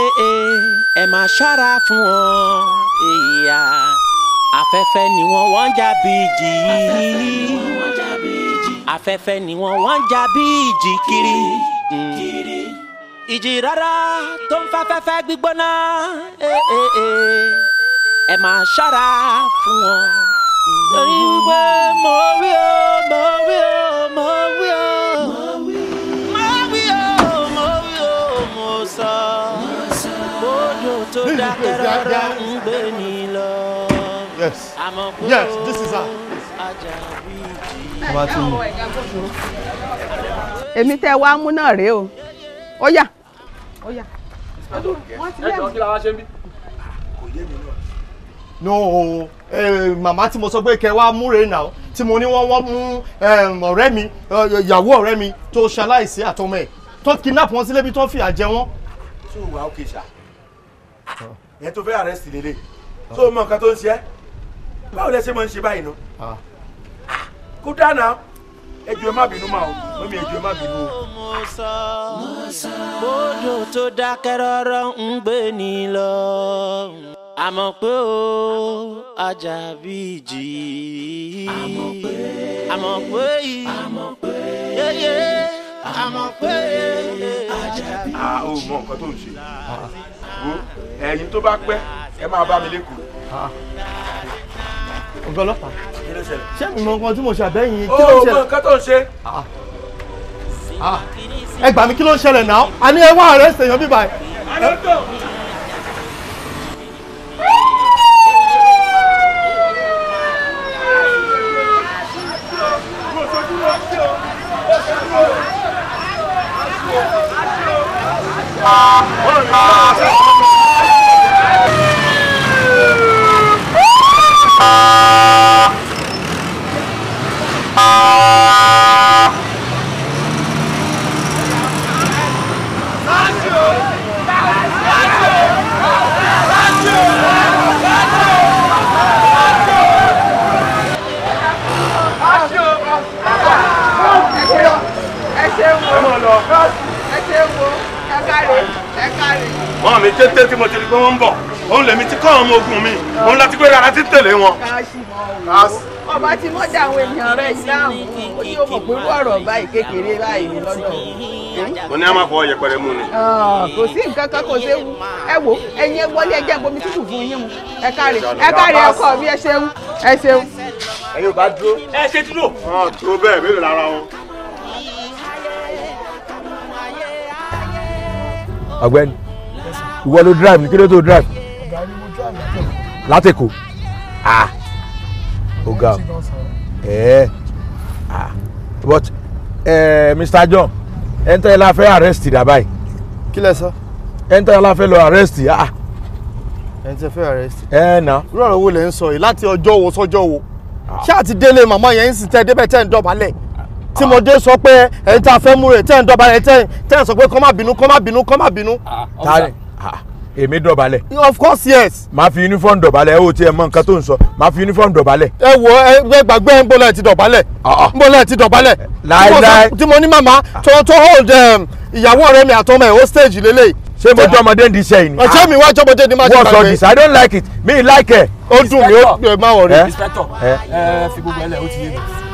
Eh, eh, ẹ máa ṣọ́ra fún wọn èyà afẹ́fẹ́ ni wọ́n wọ́n ń jà bíjì yìí afẹ́fẹ́ ni wọ́n wọ́n ń jà bíjì kiri mm. ìjì rárá tó ń fẹ́fẹ́fẹ́ gbígbóná eh, ẹ máa ṣọ́ra fún wọn torí wípé mo wí o mo wí o mo wí o mo wí o mo wí o mo sọ bójú tó dákẹ́ rárá ń gbé ni lọ. yes yes this is her. ọba tí mo. èmi tẹ́ wàá mú náà rèé o ó yà ó yà. ẹ jọ kí la wá ṣe ń bí. kò yé mi náà no eh, màmá tí mo sọ pé kẹ wá múre náà tí mo ní wọ́n wọ́n mú ọ̀rẹ́ mi eh, ìyàwó ọ̀rẹ́ mi tó ṣaláìsí àtọmọ ẹ̀ tó kidnap wọn sílé bí tó fìyà jẹ wọn. tó wà ó kéṣà ah. ìyẹn tó fẹ́ àrẹ́sì lélẹ̀ tó mọ nǹkan tó ń ṣe báwo lẹ ṣe máa ń ṣe báyìí náà ah. ah, kó dáná ẹjọ ẹ má bínú máa o mọ́mí ẹjọ ẹ má bínú o. bódò tó dákẹ́ rọ́rọ́ ń gbé ni lọ àmọ́ pé ó Àjàbí Ìjì àmọ́ pé àmọ́ pé yéyé àmọ́ pé Àjàbí. a ah, ò mọ nǹkan tó ń ṣe wo ẹ̀yin tó bá pẹ́ ẹ máa bá mi lẹ́kọ̀ọ́. Ah. ọ̀gá ọlọ́pàá ṣé mi mọ nǹkan tí mo ṣàbẹ̀yìn kí ló ń ṣẹlẹ̀. ó mọ nǹkan tó ń ṣe. Ah. ẹ gbà mí kí ló ń ṣẹlẹ̀ náà a ní ẹ wá àrẹ ṣèyàn bíbá ẹ. Oh! wọn mi tètè tí mo ti rí pé wọ́n ń bọ̀ òun lèmi ti kọ́ ọmọ ogun mi òun láti gbé rárá ti tẹ̀lé wọn. ọba tí wọ́n dá àwọn èèyàn rẹ̀ dáhùn ó ní òmò pé wọ́ọ̀rọ̀ báyìí kékeré báyìí lọ́dọ̀ mo ní a máa fọ yẹpẹrẹ mú ni. kò sí nǹkan kan kò séwu ẹ wo ẹyin wọlé ẹjẹ bomi tútù fún yín mu ẹ káre ẹ káre ọkọ mi ẹ ṣeun ẹ ṣeun. ẹyin ò bá dúró. ẹ ṣe dúró. ọ tó bẹ́ẹ̀ mélòó lára wọn. ọ̀gbẹ́ni ìwọ ló drive ní kí ló tó drive. ọ̀gá ni mo ah ọ̀gá ẹ̀ẹ́ ah but eh, Mr. John ẹni tẹ́ ẹ la fẹ́ arrest dà báyìí. kí lẹ sọ. ẹni tẹ́ ẹ fẹ́ lọ arrest ah. ẹni tẹ́ fẹ́ arrest. ẹ na. irú ọ̀rọ̀ wo lẹ ń sọ yìí láti ọjọ́ wo sọ́jọ́ wo ṣé àti délé màmá yẹn ń sìn tẹ́ débẹ̀ tẹ́ ń dọ̀bálẹ̀ tí mo dé sọ pé ẹni tá a fẹ́ mú rẹ̀ tẹ́ ń dọ̀bálẹ̀ tẹ́ ń sọ pé kọ́ má bínú kọ́ má bínú kọ́ má bínú èmi dọ̀bálẹ̀. of course yes. màá fi uniform dọ̀bálẹ̀ ẹ ò tiẹ̀ mọ nǹkan tó ń sọ màá fi uniform dọ̀bálẹ̀. ẹ wo ẹ gbàgbé ń bọ́lá ẹ ti dọ̀bálẹ̀ ah, ah. ń bọ́lá ẹ ti dọ̀bálẹ̀. láéláé tí mo ní màmá ah. tó tó hold um, ìyàwó rẹ mi àtọmọ ẹ ó stage lélẹ̀. ṣé mo jọmọdé ń diṣẹ́ yìí ni. ṣé mi wá jọmọdé ni má jẹ gbàgbé. wọ́n sọ dis i don't like it Me like ẹ. ó dùn mí ó má wọrí. Eh? inspector ẹ eh? eh, fi gbogbo ẹ lẹ ti yé mi.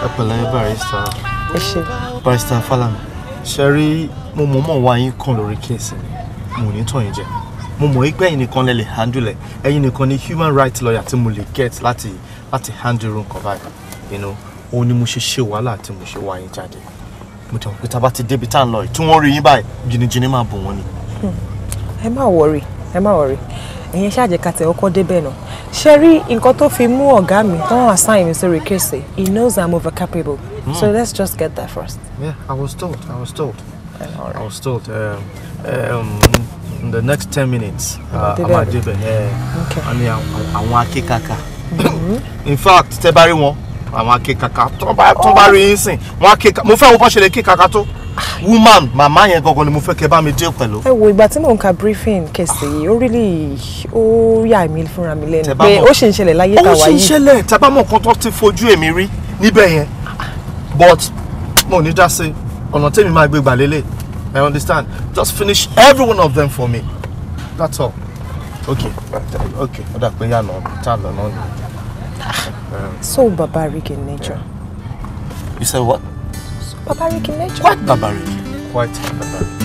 ẹ pẹ̀lẹ́ barista ẹ ṣe barista Falana ṣe mo mọ̀ mọ̀ wá yín kàn lórí kéèsì mo ní tàn yín jẹ mo mọ̀ wípé ẹ̀yin nìkan lè handle ẹ̀ ẹ̀yin nìkan ni human rights lawyer tí mo lè get láti láti handle irun kan báyìí you know òun ni mo ṣe ṣe wàhálà tí mo ṣe wá yín jáde mo tẹ̀ wọ́n pé tá a bá ti débi tá à ń lọ yìí tí wọ́n rí yín báyìí jìnnìjìnnì máa bò wọ́n ni. Hm. ẹ má wọrí ẹ má wọrí ẹ̀yin ṣáàjẹ́ kàtẹ́ ọkọ̀ débẹ̀ náà ṣe rí nǹkan tó fi mú ọ̀gá mi tó wọ́n assign mi sórí kéèsì he knows I'm over capable mm. so let's just get that first. yeah I was told I was told I was told um, um, in the next ten minutes amadebe uh, ani àwọn akékaka mm-hmm. in fact tẹ́ bá rí wọn àwọn akékaka tó bá rí yín sìn wọn akékaka mo fẹ́ wọn bọ́ ṣe lè kékaka tó woman màmá yẹn gangan ni mo fẹ́ kẹ́ bá mi dé pẹ̀lú. ẹ wo ìgbà tí mò ń ka briefing kẹsì yìí ó really ó yà mí fúnra mi lẹ́nu pé ó ṣe ń ṣẹlẹ̀ láyé tàwa yìí. ó ṣe ń ṣẹlẹ̀ tàbámọ̀ kan tó ti fojú èmi rí níbẹ̀ yẹn but mo ní dá sí ọ̀nà tèmi máa gbé gbà I understand just finish every one of them for me that's all okay okay ó dà pé yànnà tá a lọ náà ni. Ah, so barbaric in nature. you say what babariki mẹ́jọ. quite barbaric. quite barbaric.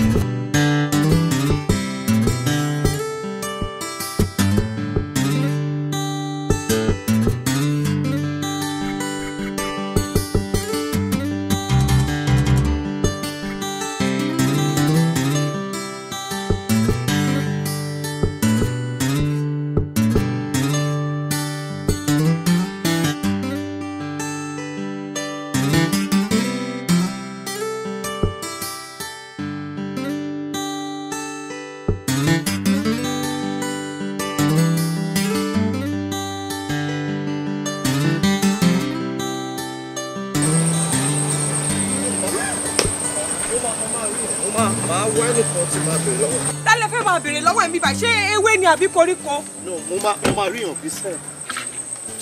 ni àbí koríko. no mo máa mo máa ríyàn bí sẹ́ẹ̀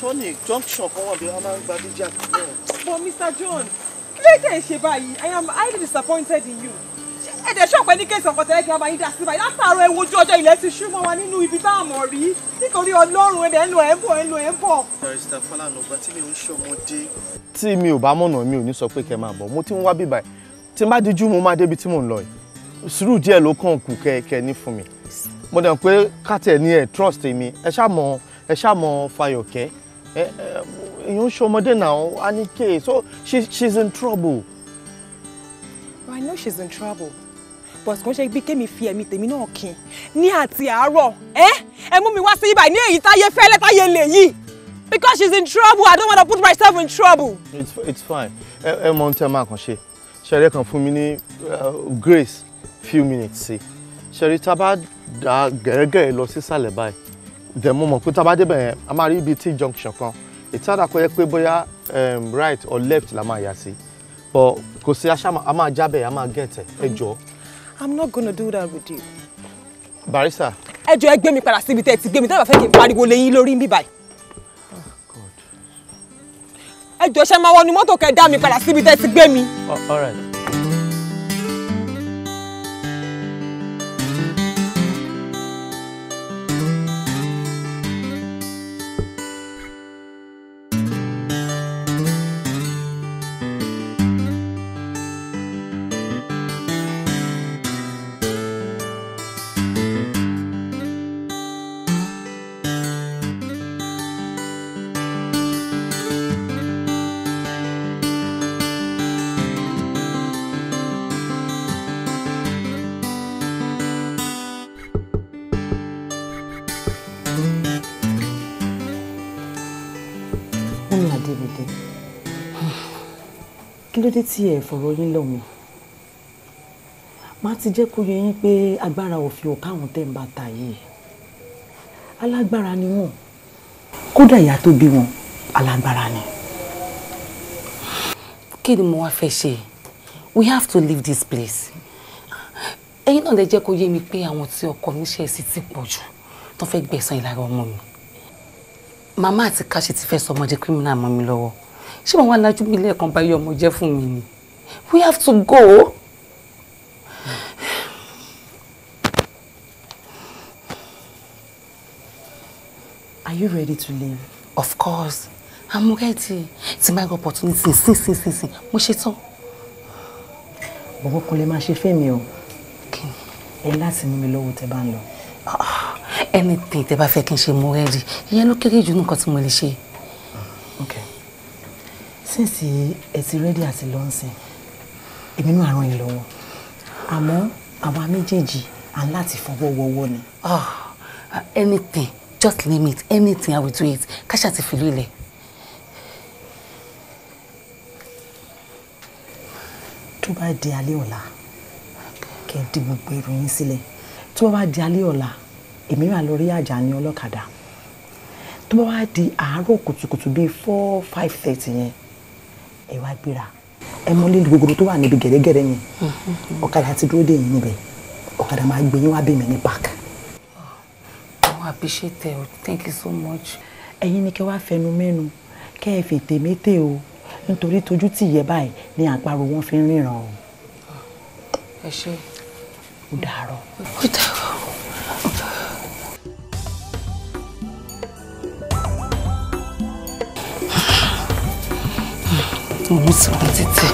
tony junction kan wà bí wọ́n máa ń gba díjà náà. but mr john kí ló dé ṣe báyìí i am highly disappointed in you ẹ̀dẹ̀ ṣọ̀pẹ́ ní kéèsì ọkọ̀ tẹ́lẹ̀ kí a máa yí dà sí báyìí látàárọ̀ ewu ojú ọjọ́ ilẹ̀ ti ṣú mọ́ wa nínú ibi tá a mọ̀ rí nítorí ọlọ́run ẹ̀dẹ̀ ń lọ ẹ̀ ń bọ̀ ẹ̀ ń lọ ẹ̀ ń bọ̀. barrister Falana ọba tí mi ò ń ṣọmọdé. tí mi ò bá mọ̀nà mi ò ní sọ pé kẹ́ máa bọ̀ mo ti ń wá bíbáyìí tí n bá dijú mo máa débi tí mò ń lọ yìí sùúrù díẹ̀ ló kàn kù kẹ́kẹ́ ní fún mi mo dẹ̀ pé kàtẹ́ ni ẹ̀ trust mi ẹ ṣàmọ̀ ẹ ṣàmọ̀ Fayọ̀kẹ́ ẹ ẹ ìyún ṣọmọdé náà á ní kéè so she she's in trouble. I know she's in trouble but kò ń ṣe bí kémi fi ẹ̀mí tèmi náà kin ní àti àárọ̀ ẹ ẹ mú mi wá sí ibà ní èyí táyé fẹ́lẹ́ táyé lè yí because she's in trouble I don't want to put myself in trouble. it's it's fine ẹ mọ ohun tí ẹ máa kàn ṣe ṣẹlẹ kan fún mi ní uh, grace few minutes sí ṣẹlẹ tá a bá da gẹ̀rẹ́gẹ̀rẹ́ lọ sísàlẹ̀ báyìí dẹ̀ mo mọ̀ pé tá débẹ̀ yẹn a máa rí ibi T junction kan ìtàdà kọ́ yẹ pé bóyá um, right or left la máa yà sí but kò sí aṣá a máa jábẹ̀ a máa gẹ̀tẹ̀ ẹ jọ. I'm not gonna do that with you. barista. ẹ jọ ẹ gbé mi padà síbi tẹ́ ẹ ti gbé mi tẹ́ ẹ bá fẹ́ kí n pariwo lẹ́yìn lórí mi báyìí. ẹ jọ ṣe máa wọnú mọ́tò kẹ́ ẹ dá mi padà síbi tẹ́ ẹ ti gbé mi. all right. ló tí ẹ fọ̀rọ̀ yín lọ́hùn má ti jẹ́ kó yẹ yín pé agbára òfin ò káwọn tẹ́ ń bá ta yìí alágbára ni wọ́n kódà ìyá tó bí wọn alágbára ni. kí ni mo wá fẹ́ ṣe we have to leave this place ẹ̀yin náà lè jẹ́ kó yé mi pé àwọn tí ọkọ mi ṣe sí ti pọ̀ jù tó fẹ́ gbẹ̀san ìlara ọmọ mi màmá àti káṣí ti fẹ́ sọ ọmọdé kírímìnà mọ́ mi lọ́wọ́ ṣé màá wá lajú mi lẹ́ẹ̀kan báyìí ọmọ jẹ́ fún mi ni we have to go. Are you ready to leave? Of course. I'm ready. It's my opportunity. Sin, sin, sin, sin. Mo ṣe tán. Bọ̀bọ̀ kan lè máa ṣe fẹ́mi o. Ẹ láti mú mi lọ́wọ́ tẹ bá ń lọ. Ah, anything tẹ bá fẹ́ kí n ṣe mo ready. Ìyẹn ló kéré jù nǹkan tí mo lè ṣe. Okay sínsì ẹ ti rẹ́dí àti lọ́nsìn èmi náà ràn yín lọ́wọ́ àmọ́ àwa méjèèjì à ń láti fọwọ́ wọ́wọ́ ni. Ah, anything just name it anything i will do it káṣá ti fìlú ilẹ̀. tó bá di alẹ́ ọ̀la kẹ́ ẹ di gbogbo ẹrù yín sílẹ̀ tó bá di alẹ́ ọ̀la èmi wà lórí àjà ní ọlọ́kadà tó bá di àárọ̀ kùtùkùtù bíi four five thirty yẹn ẹ wá gbéra ẹ mọ́lé gbogbo tó wà níbi gẹ̀rẹ́gẹ̀rẹ́ yẹn mm-hmm. ọ̀kadà ti dúró dè yín níbẹ̀ ọ̀kadà máa gbé yín wá bèmí ní park. Oh, I appreciate it thank you so much. ẹ̀yin ni kẹ́ wá fẹnu mẹ́nu kẹ́ ẹ fètè mété o nítorí tójú tì yẹ báyìí ni àparò wọn fi ń ríran o. ẹ ṣe. ó dàárọ̀. ó dàárọ̀. òun sì rún títí.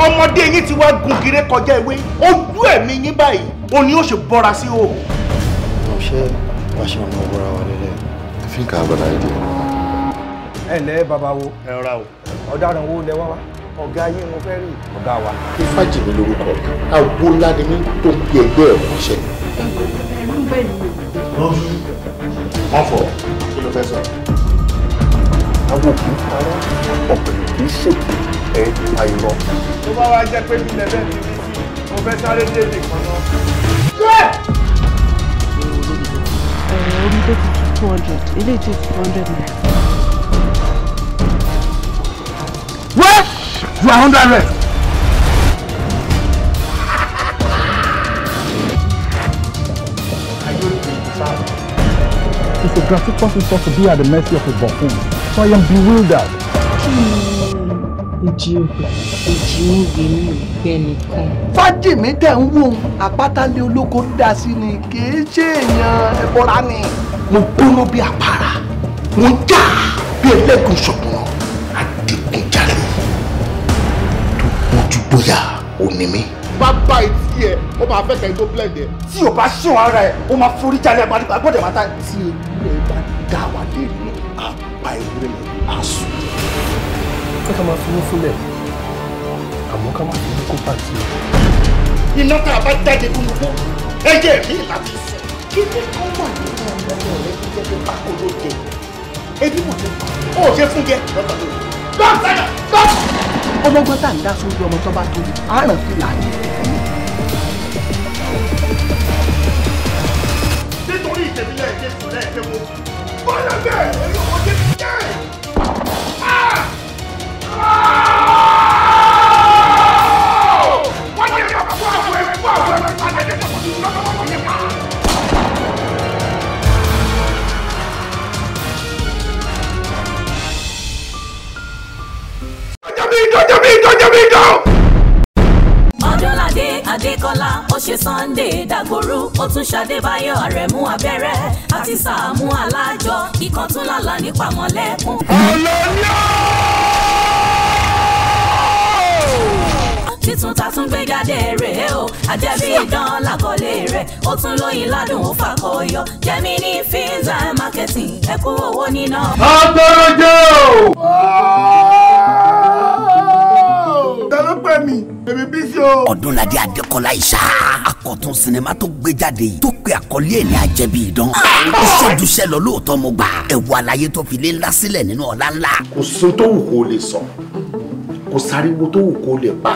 ọmọdé yín ti wá gun gire kọjá ewé ojú ẹ̀mí yín báyìí òun ni ó ṣe bọ́ra sí o. ṣé wàá ṣe ọmọ ọgbọ́ra wa lélẹ̀ I think I have an idea. ẹ ǹlẹ́ bàbá wo ọ̀daràn wo lẹ wá wá ọ̀gá yín mo fẹ́ rí. ọ̀gá wa. Ifájìmí lórúkọ àwo ńlá ni mí tó ń bí ẹgbẹ́ ẹ̀ ránṣẹ́. ẹ̀rú bẹ́ẹ̀ ni. wọ́n fọ kí ló fẹ́ sọ. àwọn kì í parọ́ ọ̀pẹ̀ kì í ṣètò ẹ̀ pa irọ́. tó bá wá jẹ́ pé mi lẹ́bẹ̀ẹ́ mi ní sí mo fẹ́ sáré dédé kan náà. ọ̀rọ̀ orí tó ti two hundred eléyìí ti two hundred naira. You are under arrest. It's a gratuitous insult to be at the mercy of a buffoon. So I am bewildered. Hmm. fájìmí tẹ̀ ń wò àpáta-lé olóko dá sí ni kìí ṣe èèyàn ẹ̀bọ̀ra ni mo gbóná bí àpárá mo ń jà bí ẹlẹ́gùn ni mí. bàbá etí ẹ ó máa fẹ́ kẹ́hìn tó blend ẹ. tí o bá ṣó ara ẹ o máa forí jalè agbọ́dẹ̀ máa ta. tí ewúrẹ́ bá dá wa lé ní apá ewúrẹ́ yẹn á sùn. pé ká máa fi mú fúnlẹ̀ àmọ́ ká máa fi mú kó bá tiẹ̀. iná tá a bá jáde nínú bó ẹ̀jẹ̀ mi láti sọ. kí ni kó wà nínú ọmọ rẹ tó jẹ́ pé bákòó ló jẹ ebi mọ̀ ní pa ó ṣe fún jẹ bá a sẹ́yà bá a sọ ọmọgbọ́n tá à ń dá sórí ọmọ tó bá tóbi àárọ̀ fi là ní ẹ̀mí. nítorí ìtẹ̀bílẹ̀ ìjẹ́sùn lẹ́ẹ̀kẹ́ wo bọ́lá bẹ́ẹ̀ ló ń Jamigo, Jamigo, Jamigo. Ọdúnládé Adékọ́lá ó ṣe Sunday Dàgbòrú ó tún Ṣadébáyọ̀ Àrẹ̀mú Abẹ́rẹ́ àti Sàámú Alájọ ikàn tún lálà nípa mọ̀lẹ́kùn. Ọlọ́lá títún ta tún gbé jáde rèé o àjẹbí idán làkọlé rẹ̀ ó tún lóyin ládùn ó fàkóyọ Gemini Films and Marketing ẹ kú owó níná. àtọ̀rọ̀ jẹ́ pè mí bèbí bísí o. ọdúnladé adékọlá ìṣá akọ̀tún sinimá tó gbé jáde yìí tó pe àkọlé ẹ̀ ní àjẹbí ìdán. iṣẹ́ duṣẹ́ lọ lóòótọ́ mo gbà ẹ̀wọ̀ àlàyé tó fi lé ńlá sílẹ̀ nínú ọ̀la ńlá. kò sóhun tó wù kó lè sọ kò sáriwo tó wù kó lè pa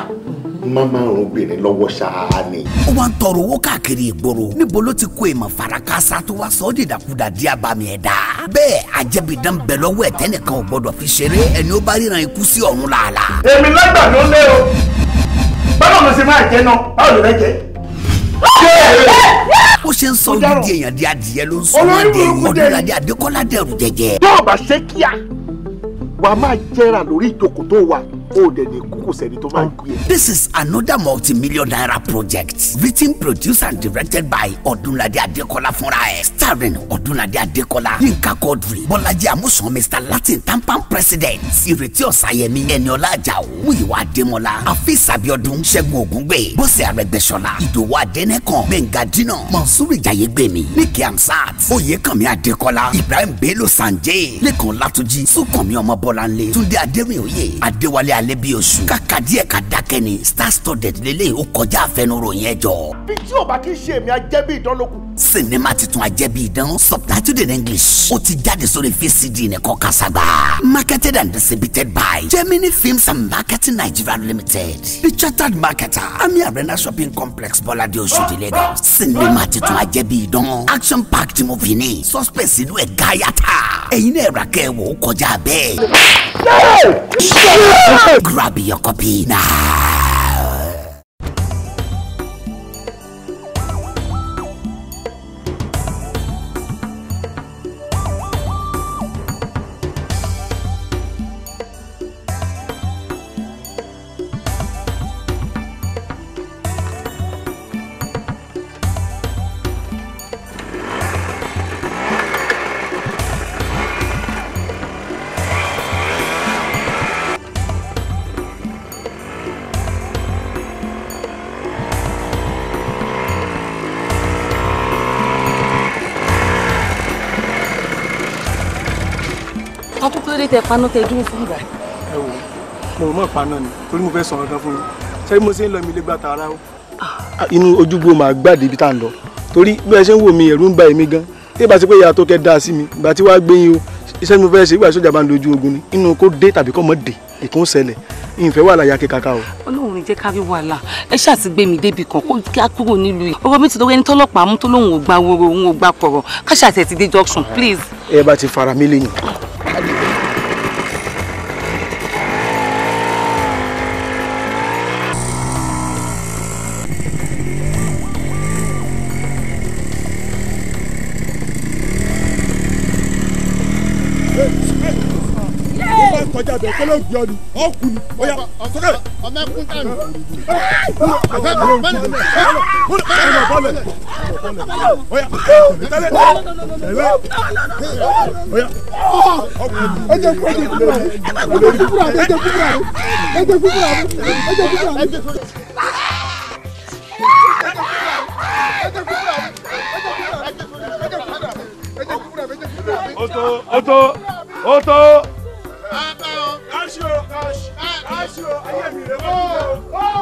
márùn-ún obìnrin lọ́wọ́ ṣáá ni. ó wá ń tọrọ owó káàkiri ìgboro níbo ló ti kó ìmọ̀ farakasa tó wá sọ ọ́ dìdàkudà di abàmì ẹ̀dá. bẹ́ẹ̀ ajẹ́bìdán bẹ̀ lọ́wọ́ ẹ̀ tẹ́nìkan ò gbọ́dọ̀ fi ṣeré ẹni ó bá ríran ikú sí ọ̀run làálà. èmi lágbà ló lé o báwo ló ṣe máa jẹ náà báwo ló fẹ́ jẹ ó ṣe ń sọ odidi èèyàn di adìyẹ ló ń sọ wọn di ọdúnladé adékọ́ládẹ́rù jẹjẹ. yóò bá ṣe kíá wàá máa jẹrà lórí ìjókòó tó wà ó dẹ̀ ní kúkú tó máa gbé This is another multi-million naira project written produced and directed by Ọdúnladé Adékọ́lá fúnra ẹ̀ starring Ọdúnladé Adékọ́lá Yínká Quadri Bọ́lájí Amúsàn Mr Latin tampan president Ìrètí Ọ̀sáyẹmí Ẹniọlá Àjàó Múyìwá Adémọlá Afis Abíọ́dún Ṣẹ́gun Ògúngbè Bọ́sẹ̀ Arẹ́gbẹ́ṣọlá Ìdòwú Adẹ́nẹ́kàn Gbẹ̀ngà Dínà Mọ̀nsúrù Ìjàyégbèmí Níkẹ́ Amsat Oyèkànmí Adékọ́lá Ibrahim Bello Sanjay Lẹ́kàn Látúnjí Súnkànmí Ọmọbọ́láńlé Túndé Adéwìnyóye Adéwálé dalẹ̀ bí oṣù kàkà díẹ̀ ká dákẹ́ ni star studded lélẹ́yìí ó kọjá àfẹnuròyìn ẹjọ́. bí tí ò bá kí ṣe èmi ajẹ́ bí ìdánlókun sinima titun ajẹbi idan subtitled in english ó ti jáde sórí vcd nìkan kasagba marketed and distributed by germany films and marketing nigeria limited the chartered marketer ami arena shopping complex bọ́ládé oṣòdì lagos sinima titun ajẹbi idan action packed movie ni suspense inú ẹ̀ gáyàtà ẹ̀yin náà rà kẹ́ ó kọjá bẹ́ẹ̀. grab your copy now. tẹ paná tẹ dúró fún ìgbà. ẹ wò mo mọ̀ paná ni torí mo fẹ́ sọ̀rọ̀ kan fún yín ṣé mo ṣe ń lọ mi lé gbà tààrà o. Ah. inú ojúgbó máa gbàdé ibi tá à ń lọ torí bí ẹ ṣe ń wò mí ẹ̀rù ń bà èmi gan tí ìbá ti pé ìyá tó kẹ́ dáa sí mi ìgbà tí wàá gbé yín o iṣẹ́ mi fẹ́ ṣe ìgbà sójà bá ń dojú ogun ni inú kó dé tàbí kó mọ̀ dé ìkún ṣẹlẹ̀ ìfẹ́ wà láyà kí kàkà o. Ọlọ́run jẹ́ ká rí wàhálà ẹ ṣáà ti gbé mi débi kan kó kí á kúrò nílùú yìí ọwọ́ mi ti lórí ẹni tọ́lọ́pàá mú tó lóun ò gba woro òun ò gba pọ̀rọ̀ ká ṣáà ti dé junction please. ẹ bá ti fara mi lẹ́yìn yóò gbé ọ ni ọ kù ni ó yà sọkẹ. ọmọ ẹkún tán. ọmọ ẹkún tán. ọmọ ẹkún tán. ó yà tẹlẹ tẹlẹ ó yà ẹ jẹ kúrò ní ìlú rẹ ẹ jẹ kúrò rẹ ẹ jẹ kúrò rẹ ẹ jẹ kúrò rẹ ẹ jẹ kúrò rẹ. Oto, oto, oto.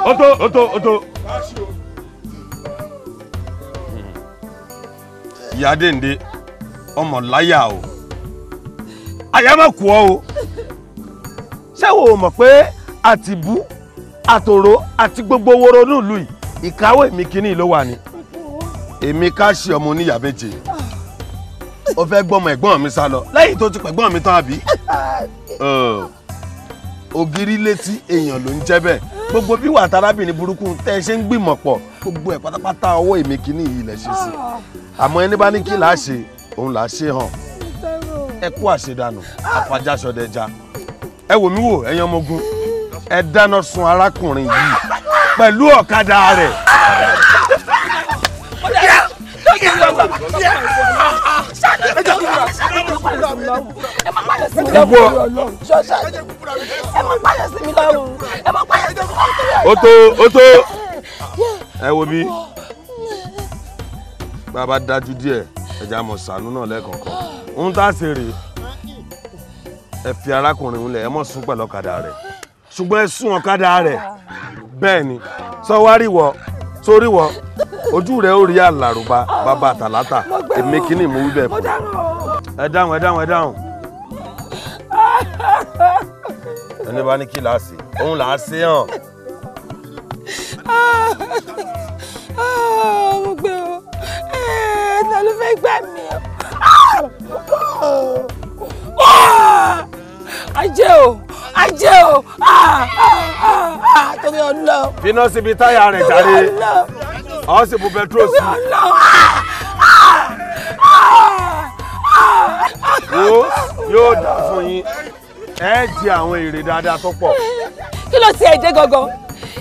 Oto oto oto. Ìyá omo ọmọ o. Ayama má kú ọ o. Ṣé wo mọ̀ pé atibu àtòrò àti gbogbo woro nílùú yìí ìkáwé mi kínní ló wà ní. Èmi ká ṣe ọmọ oníyàá méje o fẹ́ gbọ́mọ ẹ̀gbọ́n mi sá lọ lẹ́yìn tó ti pẹ̀gbọ́n mi tán àbí. ògiri létí èèyàn ló ń jẹ́ bẹ́ẹ̀ gbogbo bí wàá tarábìnrin burúkú tẹ́ ẹ ṣe ń gbìmọ̀ pọ̀ gbogbo ẹ̀ pátápátá ọwọ́ èmi kìíní yìí lẹ̀ ṣe sí ah. àmọ́ ẹni bá ní kí là á ṣe òun là á ṣe hàn ẹ kú àṣedànù àfàjàsọdẹjà ẹ wò mí wò ẹ̀yin ọmọ ẹ dáná sun arákùnrin yìí pẹ̀lú ọ̀kadà rẹ̀. ẹ ẹ má pààyàn sí mi lọ́rùn ẹ má pààyàn sí mi lọ́rùn. ó tó ó tó ẹ wo mi bàbá dájú díẹ̀ ẹ̀jẹ̀ àmọ̀ sànú náà lẹ́ẹ̀kọ̀ọ̀kan ń tá a ṣe rèé ẹ fi arákùnrin ńlẹ̀ ẹ mọ̀ sún pẹ̀lú ọ̀kadà rẹ̀ ṣùgbọ́n ẹ sún ọ̀kadà rẹ̀ bẹ́ẹ̀ ni sọ wọ sórí wọ ojú rẹ ó rí àlàrúbá bàbá àtàlátà èmi kìíní mú wíbẹ̀ fún ẹ dáhùn ẹ dáhùn ẹ dáhùn ẹni bá ní kí là á ṣe òun là á ṣe hàn. Ah, ah, mo gbé o eh, ta ló fẹ́ gbà mí o ah, ajé o ajé o torí ọ̀nà. finá síbi táyà rẹ̀ jáde ọ̀ sì bu petrol sí i. wo yóò dà fún yín ẹ jẹ àwọn èrè dáadáa tó pọ̀. kí ló ti ẹ̀jẹ̀ gangan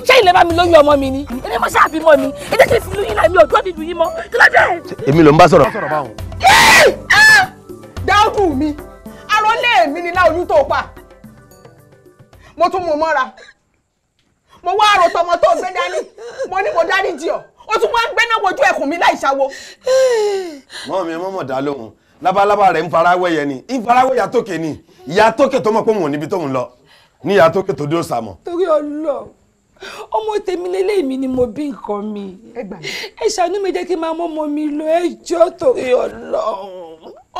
ṣé ilé bá mi lóyún ọmọ mi ni èmi mo ṣàbímọ mi èdè kì í fi lóyún láìmí ọjọ́ nínú yín mọ́ kí ló dé. èmi ló ń bá sọ̀rọ̀. Ah! dáhùn mi arọ́lé mi ni láòyún tó pa mo tún mú mọ́ra mo wá àrò tọmọ tó gbé dání mo ní mo dáríjì ọ́ o tún wá ń gbéná wojú ẹkùn mi láì ṣàwo. mọ́ mi mọ́ mọ̀ dá lóhùn labalábá rẹ̀ ń farawẹ́yẹ ni ń farawẹ́yà tókè ni ìyá tókè tó mọ̀ pé òun ò níbi tóun lọ ní ìyá tókè tó dé ó sàmọ̀. torí ọlọ ọmọ tèmi lélẹ́yìn ni mo bí nǹkan mi ẹ ṣàánú mi jẹ́ kí n máa mọ́ ọmọ mi lọ ẹjọ́ torí ọlọ.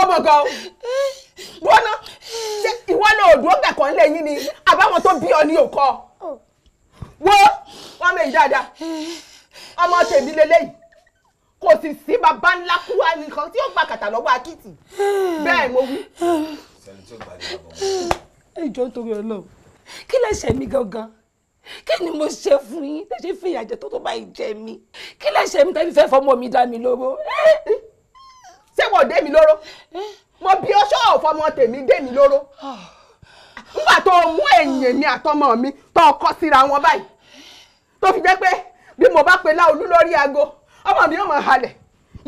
ọmọ kan bọ́nà ṣé ìwọ náà ò dúró kẹ̀kọ́ ńlẹ̀ yín ni àbáwọn tó bí ọ ní òkọ wo wọn mẹ́yìn dáadáa ọmọ tèmi lélẹ́yìn kò sì sí baba ńlá kúwa nìkan tí ó gbà kàtà lọ́wọ́ akitì bẹ́ẹ̀ mo wí sẹ́ni tí ó gbà ní ìbọn. ẹ jọ nítorí Ọlọ́run kí lẹ̀ṣẹ̀ mi gangan kí ni mo ṣe fún yín tẹ́ ṣe fìyà jẹ tó tó báyìí jẹ mi kí lẹ̀ṣẹ̀ mi tẹbi fẹ́ fọmọ mi dá mi lóró. ṣé wọn dé mi lóró mo bí ọṣọ ọfọmọ tèmi dé mi lóró nígbà tó mú ẹ̀yìn mi àtọmọ mi tó kọ síra wọn báyìí tó fi jẹ́ pé bí mo bá pe láolú lórí aago ọmọ mi yóò máa halẹ̀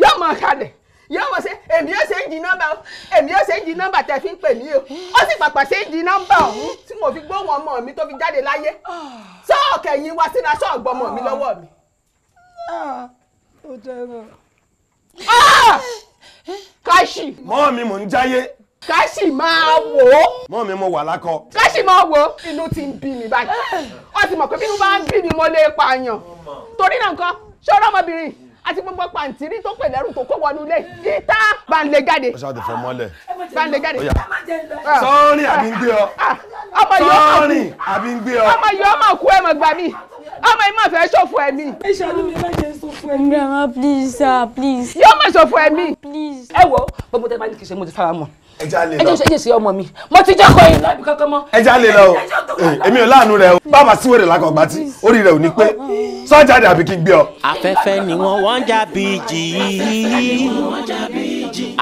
yóò máa halẹ̀ yóò wọ ṣe èmi yóò ṣe ń di nọ́mbà o èmi yóò ṣe ń di nọ́mbà tẹ fi ń pè mí o ó sì pàpà ṣe ń di nọ́mbà ọ̀hún tí mo fi gbóhùn ọmọ mi tó fi jáde láyé sọ́ọ̀kẹ́ yín wá sínú aṣọ ọ̀gbọ́mọ mi lọ́wọ́ mi. Ah! Ah! káṣì. mọ́ mi mò ń jáyé. káṣì máa wò ó. mọ́ mi mo wà lákọ. káṣì máa wò ó inú ti ń bí mi báyìí ah! ó ti mọ̀ pé bínú bá ń bí mi mo lè pààyàn torí náà nǹkan ṣọ́ọ́rọ́ ọmọbìnrin àti gbogbo pàǹtírí tó pè lẹ́rù tó kó wọnú ilé ìta bàǹlẹ̀ jáde. ó ṣáà ti fọ mọ́lẹ̀. bàǹlẹ̀ jáde. Ah. sọ́ọ́rìn àbí ń gbé ọ. Ah. sọ́ọ́rìn àbí ń gbé ọ. ọmọ yìí ọmọ kú ẹ̀ mọ̀ gbà mí ọmọ yìí má fẹ́ ṣòfò ẹ̀mí. ẹ ṣàánú mi má jẹ́ ṣòfò ẹ̀mí. grandma please sir please. yóò má ṣòfò ẹ̀mí. please. ẹ wo gbogbo tẹ bá ní kí n ṣe mo ti fara mọ́ ẹja lè lọ ẹjẹ ṣẹjẹ sí ọmọ mi mo ti jẹ́ kọ́ ìlú àbí kankan mọ́. ẹja lè lọ o èmi ò láàánú rẹ o bàbá síwèrè lákọ̀ọ́gbá tí orí rẹ ò ní pé sọ́jáde àbí kí n gbé ọ. afẹ́fẹ́ ni wọ́n wọ́n já bí ìjì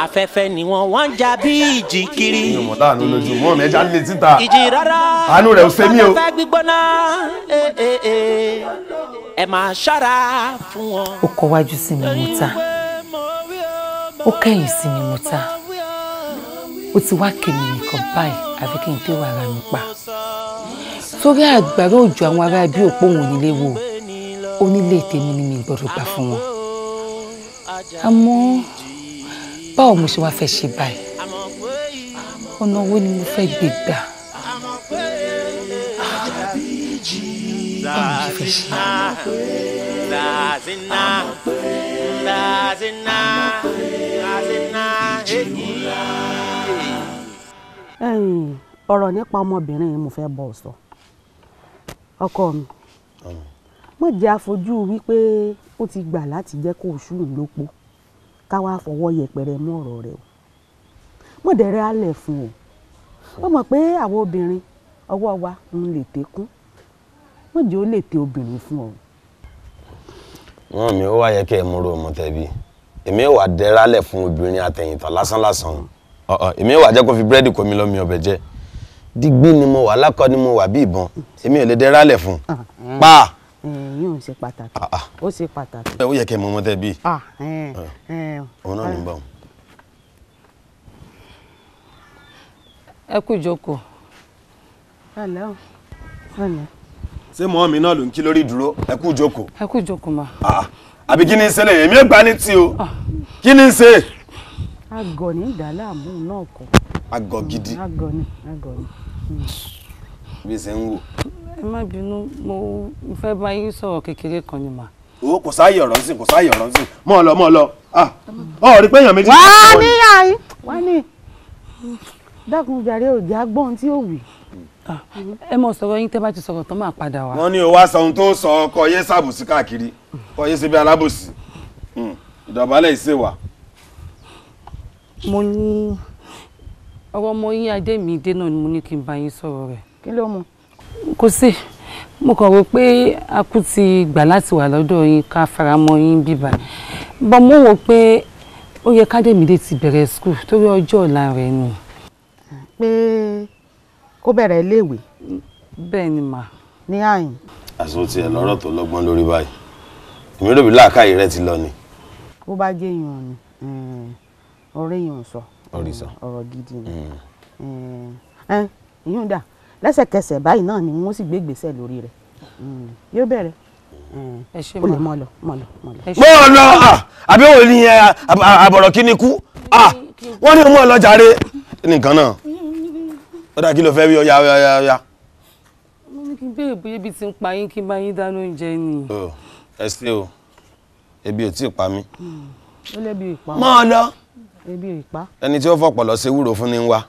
afẹ́fẹ́ ni wọ́n wọ́n já bí ìjì kiri. mi ò mọ̀ láàánú lójú mọ́ mi ẹja lè síta àánú rẹ ò ṣe mí o. ẹ máa ṣọ́ra fún wọn. ó kọ wájú sí mi mo ta ó kẹ́yìn sí mi mo ta ó ti wá kèmí nìkan báyìí àfi kí n tẹ́ wàrà mi pa sórí àgbàrá òjò àwọn ará bí òpó òun nílé wo onílé tèmi ni mi gbọ́dọ̀ gbà fún wọn àmọ́ báwo mo ṣe wá fẹ́ ṣe báyìí ọ̀nà wo ni mo fẹ́ gbé gbà báwo mo ṣe fẹ́ ṣe. ọ̀rọ̀ nípa ọmọbìnrin mo fẹ́ bọ̀ sọ ọkọ mi mo jẹ́ àfojú wípé ó ti gbà láti jẹ́ kó oṣù lópo ká wá fọwọ́ yẹpẹrẹ mú ọ̀rọ̀ rẹ o mo dẹ̀rẹ̀ alẹ̀ fún o ó mọ̀ pé àwọn obìnrin ọwọ́ wa ń lè tẹ́kún mo jẹ́ ó lè tẹ obìnrin fún ọ. wọn mi ó wá yẹ kí ẹ múra ọmọ tẹbi èmi ò wá dẹrálẹ fún obìnrin àtẹ̀yìntàn lásánlásán. Mm ọ̀ọ̀ èmi wà jẹ́ kó fi búrẹ́dì kọ́ mi lọ́mi ọbẹ̀ jẹ́ digbí ni mo wà lákọ ni mo wà bí ìbọn èmi ò lè dẹ rálẹ̀ fún un ah, eh. pa. yóò ṣe pàtàkì ah, ah. ó ṣe pàtàkì. ó yẹ kẹ́ mọ ọmọ tẹ eh, eh. òun náà ní bá wọn. ẹ kú ìjókòó. ẹ̀lẹ́ o ẹ̀lẹ́. ṣé mọ́ mi náà ló ń kí lórí ìdúró ẹ kú ìjókòó. ẹ kú ìjókòó ma. àbí kí ni ń ṣẹlẹ̀ èmi ò gbá ní tí o kí ni ń ṣe. agọ̀ ní abụọ náà kọ agọ̀ gidi. agọ̀ ni agọ̀ ni. bí ṣe ń wò. ẹ má bínú mo fẹ́ bá yín sọ̀rọ̀ kékeré kan ni mà. o kò sáàyè ọ̀rọ̀ kò sáàyè ọ̀rọ̀ mọ́ ọ lọ mọ́ ọ lọ ah, ọ rí pé èèyàn méjì. wàá ní àyín wàá ní dákun jàre òjì agbọ́n tí ó wì ah. ẹ mọ sọ̀rọ̀ ti wá. wọ́n ní o wá sọ ohun tó sọ ọkọ sàbòsí káàkiri kọ alábòsí hmm. ìdọ̀bálẹ̀ ìṣèwà mo ní ọ̀rọ̀ ọmọ yín Adémídé náà ni mo ní kí n bá yín sọ̀rọ̀ rẹ̀. kí ló mọ. kò sí mo kàn rò pé a kú ti gbà láti wà lọ́dọ̀ yín ká faramọ́ yín bíbá bọ́ mo wò pé ó yẹ kádémídé ti bẹ̀rẹ̀ skul torí ọjọ́ ọ̀la rẹ̀ ni. pé kó bẹ̀rẹ̀ iléèwé. bẹ́ẹ̀ ni mà. ní àyìn. àsìkò tiẹ̀ lọ́rọ̀ tó lọ́gbọ́n lórí báyìí èmi làákàyè rẹ ti lọ ni. bó bá jẹ́ èèyàn ni ọ̀rẹ́ yìí ń sọ ọ̀rọ̀ gidi ni mm. ìyún dà lẹ́sẹ̀kẹsẹ̀ báyìí náà ni wọ́n sì gbé gbèsè lórí rẹ̀ mm. yóò bẹ̀rẹ̀ o lè mọ lọ mọ lọ mọ lọ. mọ lọ ah, àbí òun ni eh, àbọ̀rọ̀ kí ni kú ah, wọ́n ní mọ lọ jàre nìkan náà ó dà kí ló fẹ́ wí ọ̀yà ọ̀yà ọ̀yà. mo ní kí n béèrè bóyá ibi tí ń pa yín kí n bá yín dáná oúnjẹ ni. Oh, ẹ ṣe o ebi ò tí ì pa mí. Hmm. ó lẹ́bi ìpa. mọ́ ọ lọ ebi ò ẹni tí ó fọpọlọ ṣe wúrò fún ni ń wa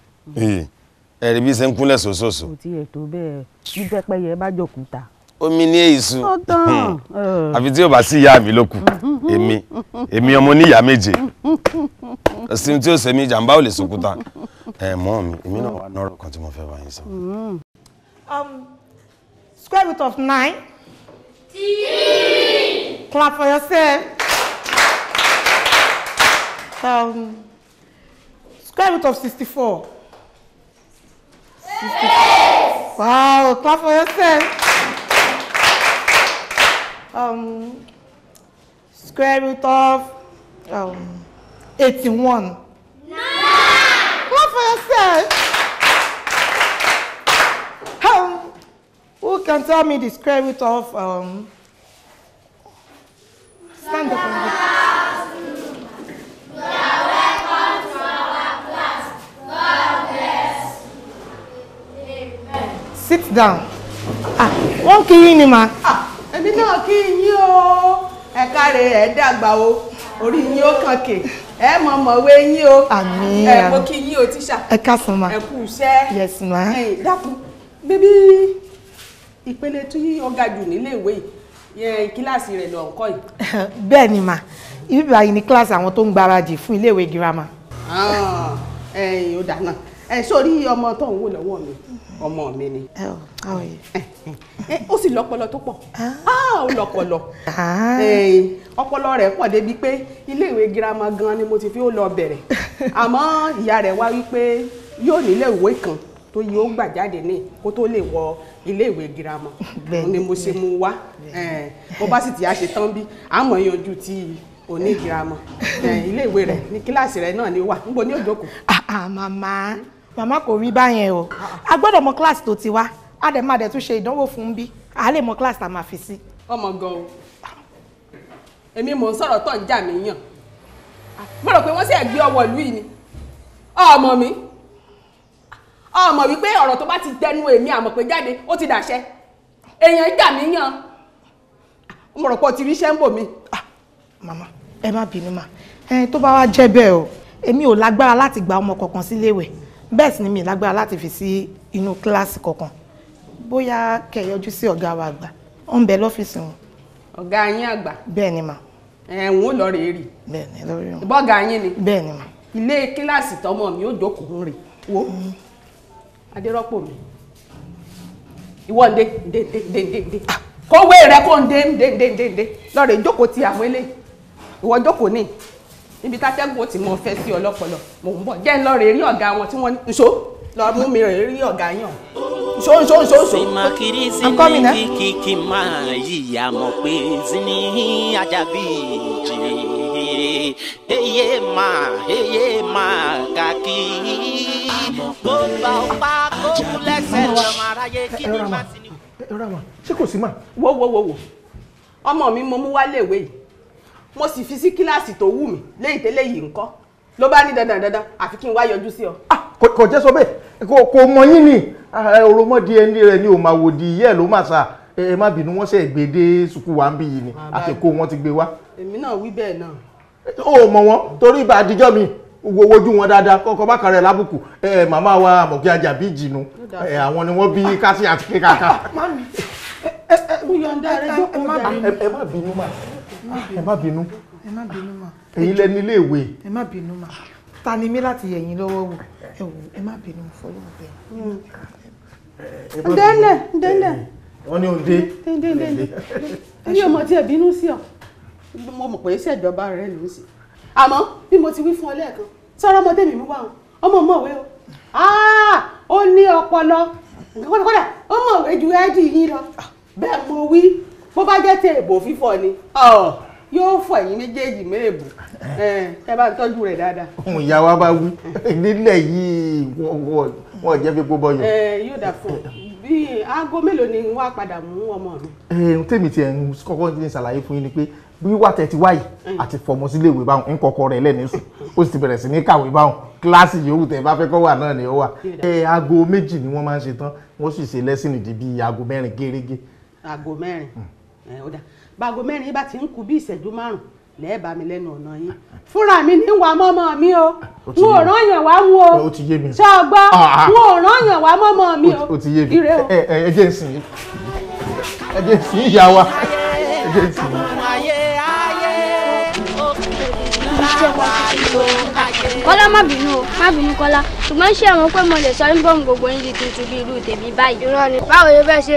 ẹ̀rí bí ṣe ń kúnlẹ̀ sòsòsò. kò tiẹ̀ tó bẹ́ẹ̀ bí pẹ́pẹ́yẹ bá jòkúta. omi ní èyíṣu hmm. àfi tí ó bá sí ìyá mi ló èmi èmi ọmọ oníyà méje ọsìn tí ó ṣe mí jàǹbá ò lè sòkúta ẹ mọ mi èmi náà wà nọrọ kan tí mo fẹ́ bá yín sọ. Hmm. Um, square root of nine. clap for yourself um, square root of 64? 64. Yes. Wow, clap for yourself. Um, square root of um, 81. Nine. Clap for yourself. Um, who can tell me the square root of um, stand up? sit down ah, wọ́n kí yín ni mà. Ah, èmi náà kí yín o ẹ̀ka rẹ̀ ẹ̀ dàgbà o orí yín ó kàn kè ẹ mọ̀ mọ̀wé yín o àmín ẹ mo kí yín o tíṣà ẹ káàsán ma ẹ kú iṣẹ́ yes ma dákun bébí ìpele tí ọ̀gá jù nílé ìwé yìí kíláàsì rẹ̀ lọ ńkọ́ yìí. bẹ́ẹ̀ ni mà ibi báyìí ni kíláàsì àwọn tó ń gbáradì fún iléèwé girama. Ah, ẹ̀yin ò dáná ẹ sórí ọmọ tó ń wò lọ́wọ́ mi ọmọ mi ni. ó sì lọ́pọlọ tó pọ̀ ah. ó lọ́pọlọ ah. ọpọlọ rẹ̀ pọ̀ débi pé iléèwé girama gan ni mo ti fi ó lọ bẹ̀rẹ̀ àmọ́ ìyá rẹ̀ wá wípé yóò nílé ìwé kan tó yí ó gbà jáde ní kó tó lè wọ iléèwé girama ni mo ṣe mú wá mo bá sì ti á ṣe tán bí àmọ́ yanjú tí onígirama iléèwé rẹ̀ ní kíláàsì rẹ̀ náà ni wà níbo ní òjòkó. Ah, màmá màmá kò rí báyẹn o a gbọ́dọ̀ mọ kíláàsì tó ti wá a dẹ̀ máa dẹ̀ tún ṣe ìdánwò fún bí a lè mọ kíláàsì tá a máa fi sí. ọmọ gan o èmi mò ń sọ̀rọ̀ tó ń jà mí yàn mo rò pé wọ́n sì gbé ọwọ́ ìlú yìí ni ọmọ mi ọmọ wípé ọ̀rọ̀ tó bá ti dẹnu èmi àmọ̀ pé jáde ó ti dàṣẹ èèyàn jà mí yàn mo rò pé o ti ríṣẹ́ ń bò mí. màmá ẹ má bínú mà ẹni tó bá wá jẹ́ bẹ́ẹ̀ o èmi ò lágbára láti gba ọmọ kọ̀ọ̀kan síléèwé. Si bẹ́ẹ̀ sì ni mi lágbára láti fi sí inú kíláàsì kankan bóyá kẹ́ yọjú sí ọ̀gá wa àgbà ó ń bẹ lọ́fíìsì wọn. ọ̀gá yín àgbà. bẹ́ẹ̀ ni ma. ẹ̀hún ò lọ rèé rì. bẹ́ẹ̀ ni lórí wọn. bọ́ọ̀gá yín ni. bẹ́ẹ̀ ni ma. ilé kíláàsì tọmọ mi ò jókòó rè wo adérọ́pò mi ìwọ ń dé ń dé ń dé ń dé ń dé kówé rẹ kó ń dé ń dé ń dé ń jókòó ti àwọn eléyìí ìwọ jókòó ní níbi tátẹ́gùn ó ti mọ fẹ́ sí ọlọ́pọlọ mò ń bọ̀ jẹ́ ń rí ọ̀gá wọn tí wọ́n ní ṣó lọ mú mi rèé rí ọ̀gá yàn ṣó ṣó ṣó ṣó akọ́mi náà. kìkì máa eh? yíyá mọ̀ pé zini ajabi jìnnì eye máa eye máa kàkí kó bá ọ bá kó lẹ́sẹ̀ lọ́mọ aráyé kí ni má sí ni. ẹ rà wá ṣé kò sí mà. wo wo wo ọmọ mi mo mú wálé ìwé yìí mo sì fi sí kíláàsì tó wù mí léyìí tẹ́lẹ̀ yìí ńkọ́ ló bá ní dandan dandan àfi kí n wá yọjú sí ọ. Ah, kò jẹ́ sọ bẹ́ẹ̀ kò mọ yín ni òròmọdì ah, ẹni rẹ ni ò máa wò di ìyá ẹ̀ ló máa sà ẹ má bínú wọ́n ṣe gbé dé sùkúù wa ń bí yìí ni àtẹ̀kọ́ wọn ti gbé wá. èmi náà wí bẹ́ẹ̀ náà. ó mọ wọn torí ibà àdìjọ́ mi wo wojú wọn dáadáa kọ́kọ́ bá kàrẹ̀ lábùkù màmá wa àmọ̀kí ajá bí jìnnú àwọn ni wọ́n bí kásí àti kékàká. ẹ má bínú mà ẹ má bínú ẹ má bínú mà èyí lẹni ilé ìwé ẹ má bínú mà ta ni mí láti yẹ̀yìn lọ́wọ́ wò ẹ wò ẹ má bínú fọlọ́ ọ̀bẹ. ndẹ́lẹ̀ ndẹ́lẹ̀ wọ́n ní òde ndẹ́lẹ̀ ẹni ọmọ tí ẹ bínú sí ọ mo mọ̀ pé iṣẹ́ ìjọba rẹ ló ń ṣe àmọ́ bí mo ti wí fún ọ lẹ́ẹ̀kan sọ́rọ́ ọmọdé mi mú wá ọmọ mọ̀wé o ó ní ọpọlọ kódà ó mọ̀wé ju ẹ́ẹ́dì yín lọ bẹ́ẹ̀ mo wí bó bá jẹ́ tí èbò fífọ́ ni yóò fọ ẹ̀yìn méjèèjì méèbù eh. eh, ẹ bá ń tọ́jú rẹ̀ dáadáa. ohun ìyá wa bá wí nílẹ̀ yìí wọ́n jẹ́ fi gbóbọ̀ yọ. Eh, yóò dà fún bí aago mélòó ni wàá padà mú ọmọ mi. ohun tèmi tiẹ̀ ń kọ́kọ́ ti ṣàlàyé fún yín ni pé wíwá tẹ̀tí wáyì àti fọmọ sílé ìwé báwọn ń kọ́kọ́ rẹ̀ lẹ́nu sùn ó sì ti bẹ̀rẹ̀ sí ní kàwé báwọn kíláàsì yòówù tẹ̀ bá fẹ́ kọ́ wà náà ni ó wà. ẹ aago méjì ni wọ́n máa ń ṣe tán wọ́n sì ṣe lẹ́sìn ìdí bíi aago mẹ́rin gérégé. aago mẹ́rin hmm ẹ ó dà báago mẹ́rin bá ti ń kú bí ìṣẹ́jú márùn-ún lẹ́ẹ̀bà mi lẹ́nu ọ̀nà yín fúnra mi ní wà mọ́mọ́ mi o n ò rányàn wá mú o ṣé o gbọ́ ah, ah. n ò rányàn wá mọ́mọ́ mi o ire o. ẹ jẹ́ ìsìn yìí ẹ jẹ́ ìsìn yìí yà wá ẹ jẹ́ ìsìn yìí. kọ́lá má bínú o má bínú kọ́lá ṣùgbọ́n ṣé àwọn pé mo lè sọ ń bọ̀ gbogbo yín di tuntun bí irú tèmi báyìí. irọ́ ni báwo ló fẹ́ ṣe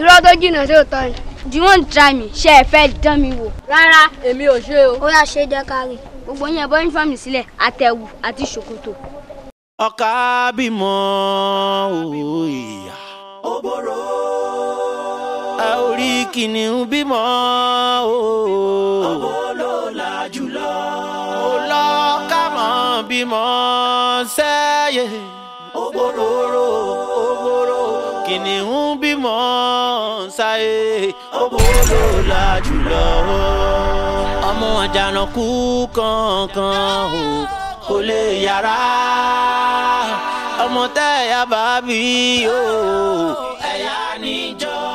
irọ́ tó jìnnà sí òótọ́ ni do you want try me ṣé ẹ fẹ́ dán mi wò. rárá èmi ò ṣe o. ó yà ṣe jẹ́ ká rí. gbogbo yẹn bọ́ uniform sílẹ̀ àtẹ̀wù àti ṣòkòtò. ọkà bímọ òòyà. ó bọ̀rọ̀. a ò rí kìnìún bímọ òòyà. la jùlọ. ó lọ ká mọ̀ bímọ sẹ́yẹ̀. sáyé owó ló la jùlọ. ọmọ àjànàkú kankan o kò lè yàrá ọmọ tẹ́ ẹ̀yà bá bí o ẹ̀yà níjọ́.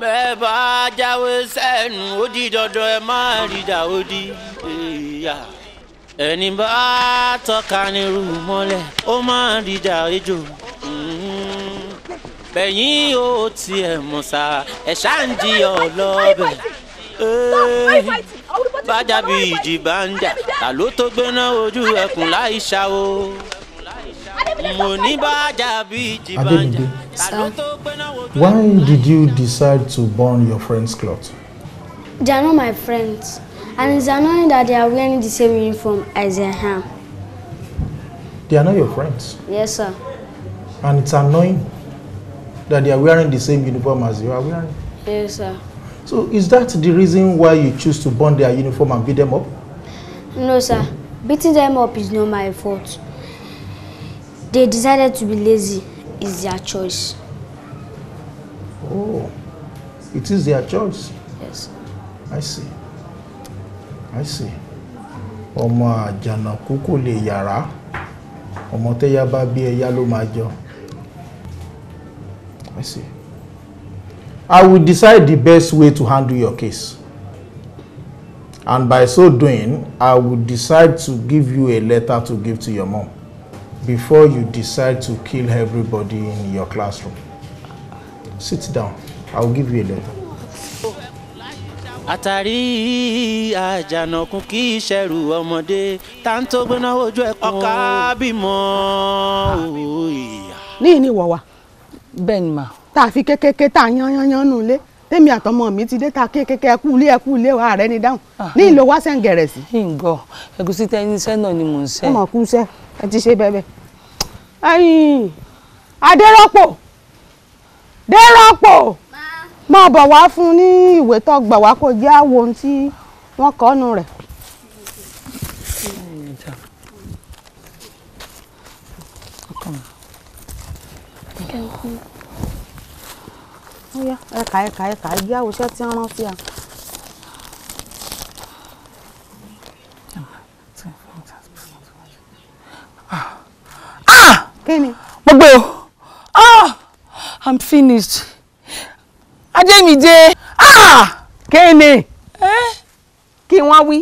bẹ́ẹ̀ bá jáwé sẹ́nu ó di dandan ẹ má rí ìdá ó di ìyá ẹni bá tọ́ka ní rú mọ́lẹ̀ ó má rí ìdá ejò. Hmm bẹ̀yìn ó tiẹ̀ mọ̀ sá ẹ̀ ṣáà ń bájà bí ìjì bá ń jà ta ló tó gbéná ojú ẹkùn láì ṣàwó mo ní bájà bí ìjì bá ń jà ta ló tó gbéná ojú. Why did you decide to burn your friend's cloth? They are not my friends and it's annoying that they are wearing the same uniform as I am. They are not your friends? Yes, sir. And it's annoying that they are wearing the same uniform as you are wearing. Yes, sir. So is that the reason why you choose to burn their uniform and beat them up? No, sir. Beating them up is not my fault. They decided to be lazy. It's their choice. Oh, it is their choice? Yes. I see. I see. Oma jana kuku le yara, Ọmọ tẹ́yà bá e ẹyá ló I see. I will decide the best way to handle your case. And by so doing, I will decide to give you a letter to give to your mom before you decide to kill everybody in your classroom. Sit down. I will give you a letter. àtàrí àjànàkún kì í ṣẹrù tanto tá ń tó gbóná ojú ẹkún ọkà bímọ òòyà. ní ìníwọ̀ wa bẹ́ẹ̀ ni mà. tá a fi kékeré tá a yan yan yan nù lé tèmi àtọmọ mi ti dé ta kékeré ẹkú ilé ẹkú ilé wa rẹ ni dáhùn ah, ní hmm. ìlò wá sẹ́ǹgẹ̀rẹ̀ sí. ǹgọ ẹ̀gúsí tẹnisẹ náà ni mò ń sẹ. ọmọ kú sẹ ẹ ti ṣe bẹbẹ. adérọ́pò dérọ́pò máa bọ̀ wá fún ní ìwé tó gbà wá kó jẹ́ àwọn ohun tí wọ́n kọ́ nù rẹ̀. kẹ̀kẹ́. ó yá ẹ̀ka ẹ̀ka ẹ̀ka ìgbé àwòṣẹ́ tí ń rán sí a. kí ni. mo ah i'm finished ajémijé ah kí ni kí wọ́n wí.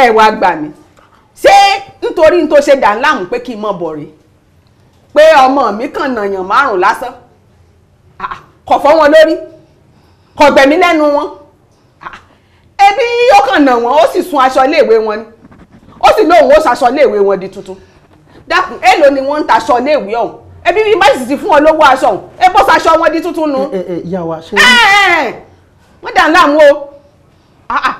ẹ wá gbà mí ṣé nítorí n tó ṣe dà láàmú pé kí n mọ̀ bọ̀ rèé pé ọmọ mi kàn nàyàn márùn lásán ah, kò fọ́ wọn lórí kò gbẹ̀mí lẹ́nu wọn ebi ah, ó kàn nà wọn ó sì sun aṣọ iléèwé wọn ni ó sì lóun ó ṣaṣọ iléèwé wọn di tuntun dákun èèlò ni wọ́n ń taṣọ iléèwé ọ̀hún ebi bí má sì ti fún wọn lówó aṣọ ọ̀hún ebó ṣaṣọ wọn di tuntun nu. Eh, eh, eh, ìyá wa ṣe é. wọ́n dà ń láàmú o ah,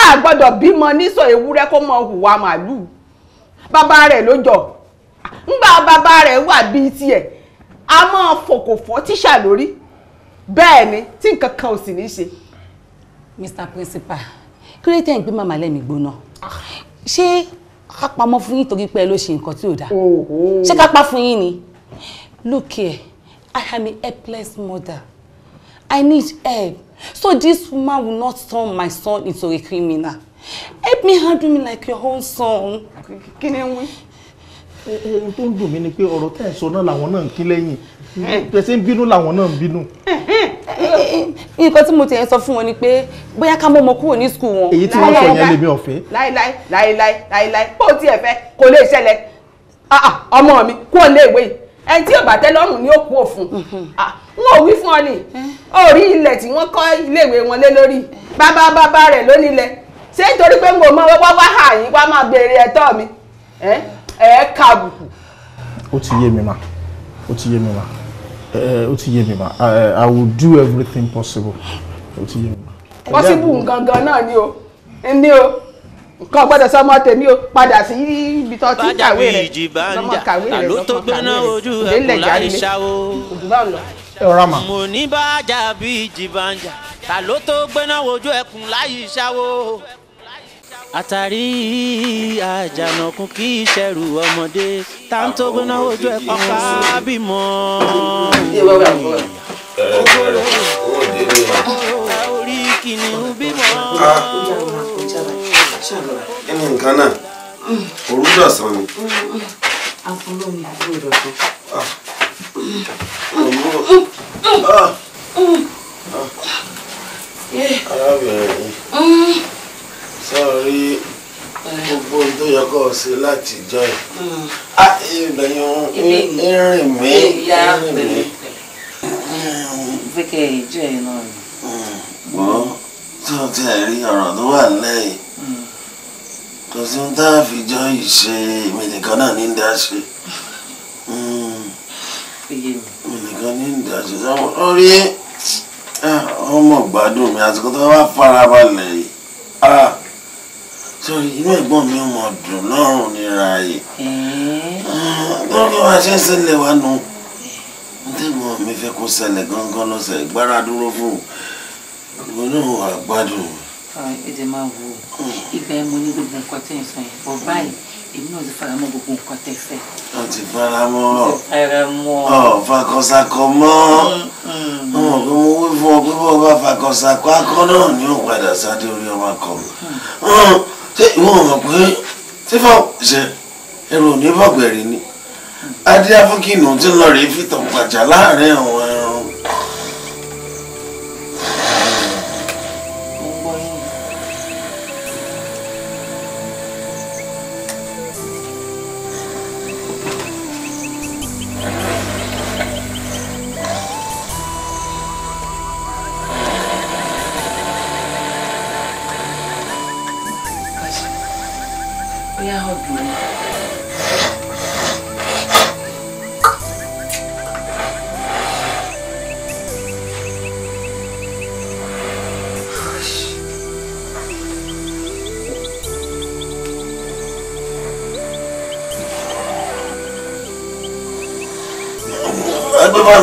a gbọ́dọ̀ bímọ nísọ ewúrẹ́ kó mọ hùwà màálù bàbá rẹ̀ ló jọ ńgbà bàbá rẹ̀ wà bíi tiẹ̀ a máa fòkòfọ́ tíṣà lórí bẹ́ẹ̀ ni tí nǹkan kan ò sì ní ṣe. Mr Principal kí ló tẹ̀ ń gbé màmá lẹ́mìí gbóná ṣé ká pamọ́ fún yín torí pé ẹ ló ṣe nǹkan tí ò dáa ṣé pa fún yín ni look here I am a helpless mother I need help so this woman will not turn my son into a criminal help me handle me like your own son. kí ni ẹni tó ń dùn mí ni pé ọ̀rọ̀ tẹ́ ẹ̀ sọ náà làwọn náà ń kí lẹ́yìn tẹ̀sí ń bínú làwọn náà ń bínú. nǹkan tí mo ti ẹ̀ sọ fún wọn ni pé bóyá ká mọ́ ọmọ kúrò ní skul wọn. èyí tí wọ́n sọ yẹn lèmi ọ̀fẹ́. láíláí láíláí láíláí bó o tiẹ̀ fẹ́ kò lè ṣẹlẹ̀ ah, ah, ọmọ mi kúrò léèwé yìí ẹni tí ọba tẹ lọ́rùn ni ó kú òfun wọn mm-hmm. ah, ò wí fún ọ ni orí ilẹ̀ tí wọ́n kọ́ iléèwé wọn lé lórí bàbá bàbá rẹ̀ lónílẹ̀ ṣé nítorí pé mo mọ wọ́n wá hà yín wá máa béèrè ẹ̀tọ́ mi ẹ ká àbùkù. ó ti yé mi ma ó ti yé mi ma ó ti yé mi ma i will do everything possible ó ti yé mi ma. possible gangan náà ni o ni o nǹkan gbọ́dọ̀ sọmọ tèmi o padà sí ibi tó ti kàwé rẹ̀ lọ́mọ kàwé rẹ̀ lọ́mọ kàwé rẹ̀ lẹ́lẹ̀ jáde òdùbà lọ. mo ní bá jà bí ìjì ta ló tó gbéná wojú ẹkùn láyé ìṣàwó àtàrí àjànàkú kì í ṣẹrù ọmọdé tá n tó gbóná ojú ẹ pàpà bímọ. orí kìnìún bímọ. kí ni nǹkan náà òru dọ̀sán ni. àbúrò ni àbúrò dọ̀sán. òmùrò. Ah. Ah. Ah. Eh. arábìnrin yìí. Mm sọ́ọ̀rí gbogbo tó yẹ kọ́ ọ sí láti jọ ẹ̀ hmm. ìbẹ̀yìn ìrìn mi ìrìn mi. fẹ́kẹ̀ ìjọ ẹ̀ náà ni. Hmm. gbọ́ tí o ti rí ọ̀rọ̀ tó wà lẹ́yìn hmm. kò sí ohun tá a fi jọ yìí ṣe èmi nìkan náà ní dá ṣe èmi nìkan ní dá ṣe sáwọn lórí ọmọ ah, gbádùn mi àsìkò tó wá fara balẹ̀ yìí. Ah, tó inú ẹ̀gbọ́n mi mọ̀ dùn lọ́rùn nira yìí lọ́rùn wa ṣe ń ṣẹlẹ̀ wa nù ntẹ́gbọ́n mi fẹ́ kó ṣẹlẹ̀ gángan lọ́sẹ̀ ìgbára dúró fún ìwọ náà wà gbádùn. èdè máa wò ó ibà ẹ̀ mo ní gbogbo nǹkan tẹ̀ ń sọ yẹn bọ̀ báyìí èmi náà ti fara mọ́ gbogbo nǹkan tẹ̀ fẹ́. o ti fara mọ́ ọ ọ fakọsakọ mọ́ ọmọ mm-hmm. pé mo wí fún ọ pé bọ́ọ̀ bá fakọsakọ akọ náà ni ó padà sáré orí ọmọ akọ. Mm-hmm. Mm ṣé ìwọ mọ̀ pé sífà ṣe ẹrù ò ní bọ̀gbẹ̀rì ni adé afúnkìnù ti lọ rèé fìtàn pàjà láàrin àwọn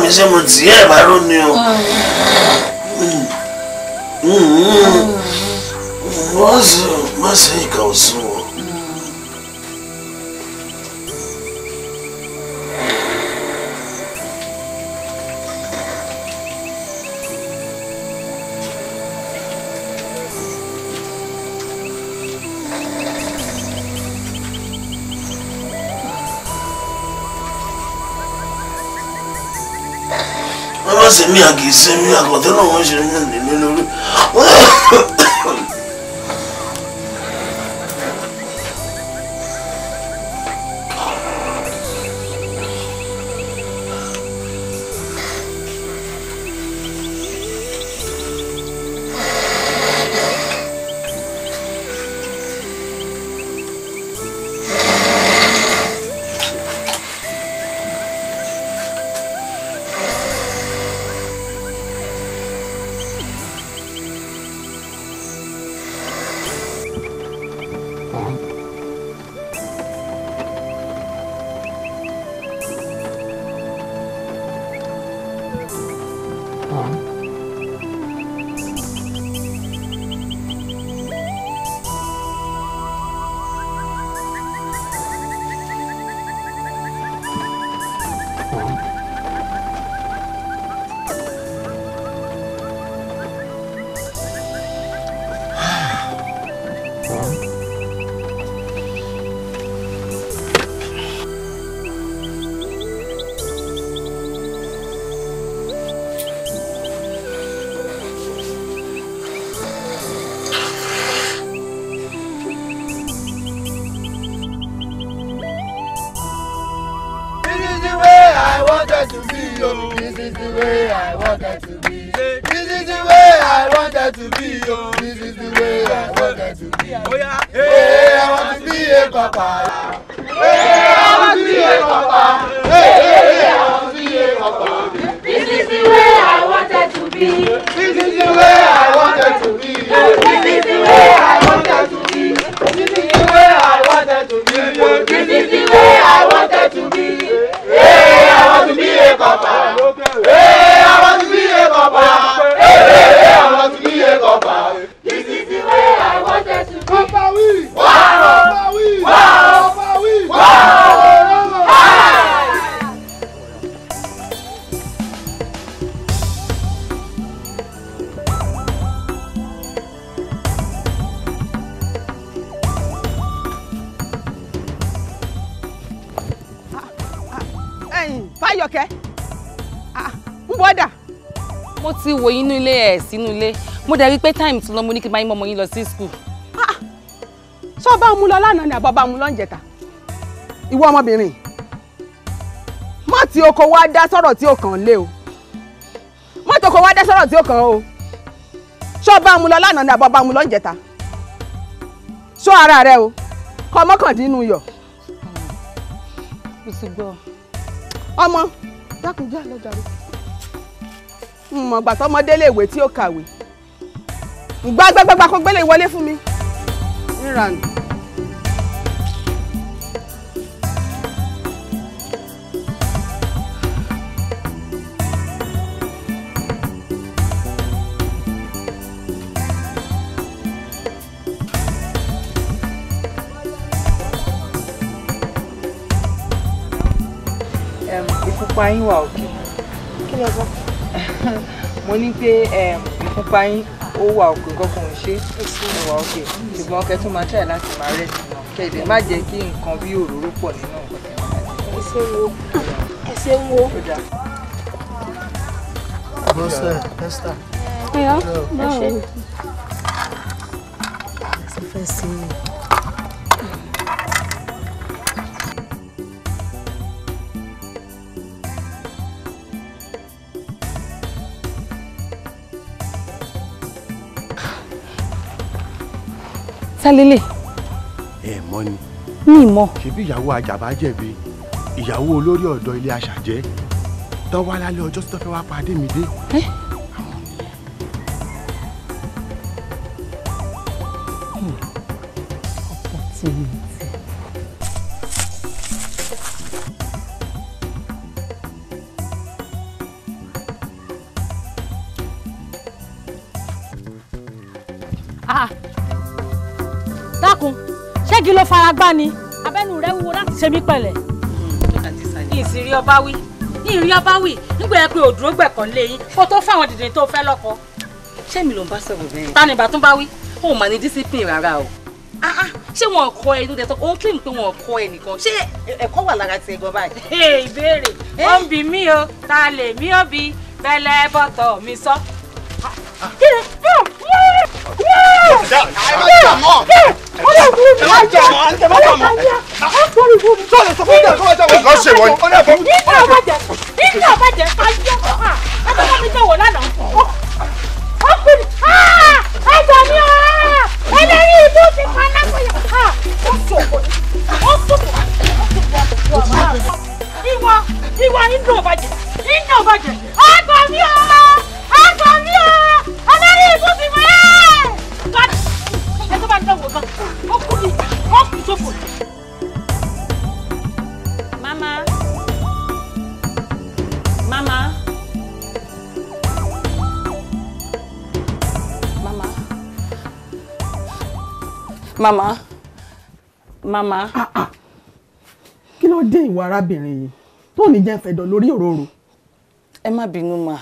mi ṣe mo tì í ẹ̀ bá rò ní o. Ah. Mm. Mm-hmm. Mm-hmm. wọ́n sì má ṣe ìkà òsùn. má ṣe mí àkì í ṣe mí àkọ́tẹ́ náà wọ́n ṣe ní ìdílé lórí. This is the way I wanted to be. This is the way I wanted to be. Oh, this is the way I wanted to be. Oh yeah. Hey, I want to be a papa. Hey, I want to be a papa. Hey, hey, I want to be a papa. This is the way I wanted to be. This is the way I wanted to be. This is the way I wanted to be. This is the way I wanted to be. This is the way I wanted to be. Hey, I want to be a papa. mo dẹ̀ rí pé time ti lọ mo ní kí n máa yín mọ́ ọmọ yín lọ sí school. sọ ah, bá mú lọ lánàá ni àbọ̀ bá mú lọ ń jẹta ìwọ ọmọbìnrin má ti oko wá dá sọ̀rọ̀ tí ó kàn lé o má ti oko wá dá sọ̀rọ̀ tí ó kàn o sọ bá mú lọ lánàá ni àbọ̀ bá mú lọ ń jẹta sọ ara rẹ o kọ mọ́kàndínlù yọ. ọmọ dákúnjá lọ́jà rẹ̀ mọ̀gbà tọmọdé léèwé tí ó kàwé gbàgbàgbàgbà kó gbélé wọlé fún mi ríranù. ìfúnpá yín wà òkè. kí ló sọ. mo ní pé ìfúnpá yín ó wà òkè kọkùnrin ṣe ó wà òkè ṣùgbọ́n kẹ́ tún máa ṣàì láti máa rẹ̀ sí wọn má jẹ́ kí nǹkan bí òróró pọ̀ nínú nǹkan ẹ ṣe wo wo. ẹ ṣe fẹ́ sí ta lélẹ̀. ẹ mọ̀ ni. mi mọ̀. ṣebí ìyàwó ajàbájẹ̀bi ìyàwó olórí ọ̀dọ́ ilé aṣàjẹ́ tọ́wọ́ alálẹ́ ọjọ́ tó fẹ́ wá pàdé mi dé. ọ̀pọ̀ agbá ni abẹ́nu rẹ̀ wúwo láti ṣe mí pẹ̀lẹ́. ìsìrí ọba wí ìrìn ọba wí nígbà yẹn pé òdúró gbẹ̀kan lé yín kó tó fáwọn dìndín tó fẹ́ lọ́kọ. ṣé mi ló ń bá sọ̀rọ̀ bẹ́ẹ̀. ta ni ìbátan bá wí ó mà ní discipline rárá o. Ah, ah. ṣé wọn kọ ẹ lóde tó ó ń kílìm pé wọn kọ ẹ nìkan ṣé ẹ̀kọ́ wà lára ti ẹ̀gbọ́n báyìí. ìbéèrè ó eh? ń bi mí o ta lè mí ó bi bẹ́lẹ́ bọ́tọ̀ mi sọ. kí ah, ni ó lè fún mi àjà ó lè fún mi àjà ó lè fún mi. sọ̀rọ̀ sọ fún mi àjà ó lè fún mi àjà ó lè fún mi àjà. nígbà bàjẹ́ nígbà bàjẹ́ ayé ọ̀hà ah, ẹ̀ka bá mi jẹ́wọ́ lánàá. ó kù ní ẹ̀jọ̀ mi ọ̀ ẹlẹ́rìí ibú ti pa lápẹ̀yà ah, ó sòkò ní ó sòkò ní ìwọ ìwọ ìdùn ọ̀bàjẹ́ ìdùn ọ̀bàjẹ́ ẹ̀gbọ́n mi ọ̀. Ah. Mama. Mama. Ah, ah. Kí ló dé ìwà arábìnrin yìí? Tó ní jẹ́ fẹ̀dọ̀ lórí òróró. Ẹ má bínú mà.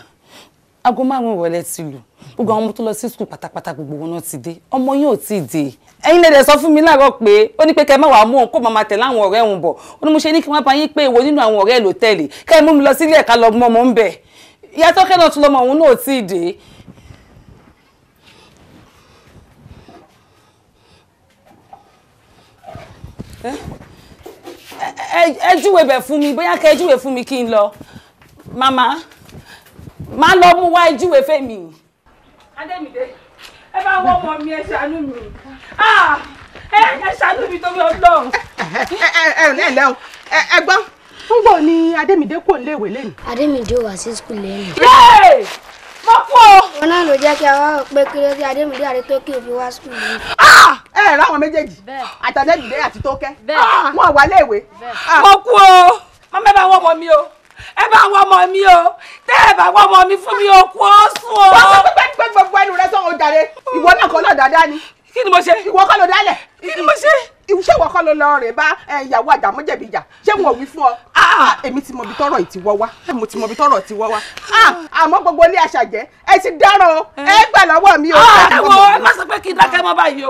Aago márùn-ún ìrọ̀lẹ́ ti lù. Gbogbo àwọn ọmọ tó lọ sí skul pátápátá gbogbo wọn náà ti dé. Ọmọ yín ò tí ì dé. Ẹ̀yin lè dẹ̀ sọ fún mi láàárọ̀ pé ó ní pé kẹ́ má wàá mú òun kó máa máa tẹ̀lé àwọn ọ̀rẹ́ òun bọ̀. Ó ní mo ṣe ní kí wọ́n bá yín pé èwo nínú àwọn ọ̀rẹ́ lòtẹ́ẹ̀lì. Kẹ́ ẹ mú mi lọ sílé ẹ̀ka lọ mọ́ ọmọ ń bẹ̀. Ìyá Tọ́kẹ́ náà tún lọ́mọ òun náà ò dé. ẹ júwe bẹ̀ fún mi bóyá kẹ́ ẹ júwe fún mi kí n lọ màmá má lọ mú wá ẹ júwe fèmí. adémídé ẹ bá wọ ọmọ mi ẹ ṣàánú mi ah, ẹ ṣàánú mi torí Ọlọ́run. ẹ ẹ ẹ ẹ lẹ́hìn ẹ gbọ́ fúngbọ̀n ni adémídé kò léèwé lẹ́nu. adémídé wà sí skul lẹ́nu mo kú o. wọn náà ló jẹ́ kí a wá pé kí ló dé adémídé àti tókè òbí wá sùn mí. Ah! ẹ ah! Ah! ẹ ráwọn méjèèjì àtàdémídé àti tókè wọn wà léèwé. mo kú o mo mẹ́ bá wọ́n mọ mi o ẹ bá wọ́n mọ mi o tẹ́ ẹ bá wọ́n mọ mi fún mi o kú o sùn o. wọ́n sọ pé pé gbogbo ẹnu rẹ sọ òjàre ìwọ náà kọ́ náà dáadáa ni. kí ni mo ṣe. ìwọ kọ́ ló dálẹ̀. kí ni mo ṣe iṣẹ́ wọ́kọ́ ló lọ rìn bá ìyàwó àjàmọ́jẹ̀bi jà ṣé wọn ò wí fún ọ. Ah, èmi ti mọbi tọrọ ìtì wọ wá mo ti mọbi tọrọ ìtì wọ wá. Ah, àmọ́ gbogbo ilé àṣàjẹ́ ẹ ti dáràn o eh. ẹ gbà lọ́wọ́ mi o. Ah, ẹ wo ẹ má sọ pé kí n dákẹ́ mọ́ báyìí o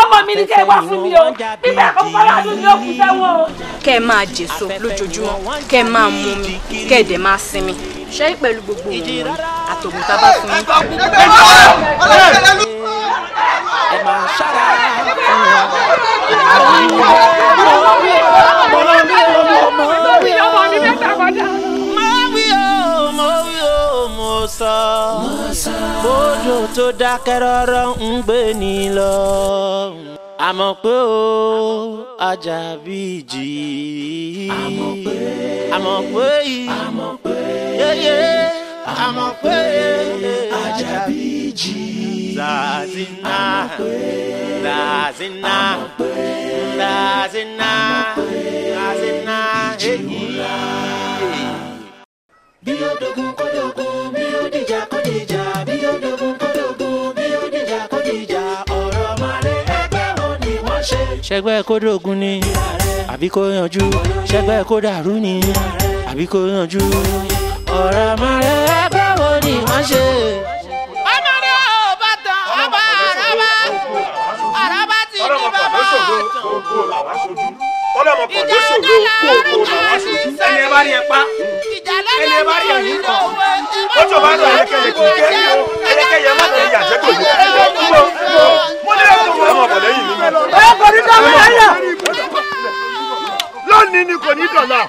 ọmọ mi ni kẹ́ ẹ wá fún mi o bíbẹ̀ kó fọlá ló ní òkú sẹ́wọ̀n o. kẹ́ ẹ máa jèso lójoojúmọ́ kẹ́ ẹ máa mú mi kẹ́ ẹ dẹ̀ máa sinmi ṣẹ́yìn pẹ̀lú gbogbo òun àtògùn tá a bá fún yín bójú tó dákẹ́ rọ́rọ́ ń gbé ni lọ. àmọ́ pé ó Àjàbí ìjì. àmọ́ pé àmọ́ pé yéyé àmọ́ pé Àjàbí ìjì zazina zazina zazina zazina èyíra. bí ó dogun kó dogun bí ó dìjà kó dìjà bí ó dogun kó dogun bí ó dìjà kó dìjà ọ̀rọ̀ mọ́lẹ̀ ẹgbẹ́ wo ni wọ́n ṣe. ṣẹgbẹ́ kó dogun ni àbí kó yanjú ṣẹgbẹ́ kó dàrú ni àbí kó yanjú ọ̀rọ̀ mọ́lẹ̀ ẹgbẹ́ wo ni wọ́n ṣe. àwọn aṣojú ọlọ́mọ kan ló ṣòro kó o kó àwọn aṣojú ẹni ẹ bá rí ẹ pa ẹni ẹ bá rí ẹ̀yìn kan ó tó lọ ẹlẹ́kẹ̀yẹ kò jẹ́ ẹlẹ́kẹ̀yẹ má lọ yà jẹ́ kò ní mo lè kó wọn ọmọ lẹ́yìn mi. ẹ kò ní dọ̀ mí láyà lónìí ni kò ní dọ̀là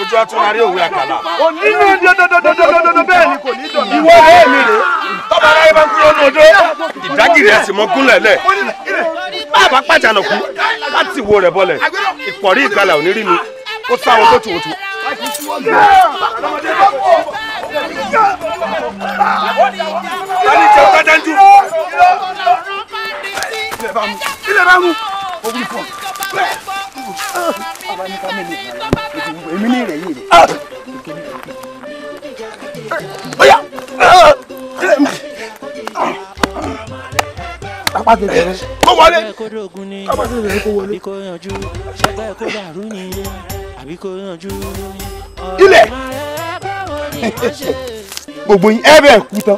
ojú atúnarí òwe àkàlà. òní ni dandandandandandan bẹ́ẹ̀ ni kò ní dọ̀là. ìwọ ẹ̀ mi rèé tọ́ba aráyé rẹ̀ sì mọ gúnlẹ̀ lẹ̀ bàbá pàjánàkú láti wo rẹ̀ bọ́lẹ̀ ìpọ̀rí ìgbàlà òní rí ó sáwọn tó tùwòtù. Alija apá tètè rẹ kó wọlé apá tètè kó wọlé. kó yanjú ṣẹgbẹ́ kó dàrú ni àbí kó yanjú. ilẹ̀ gbogbo yín ẹ bẹ̀ kú tán.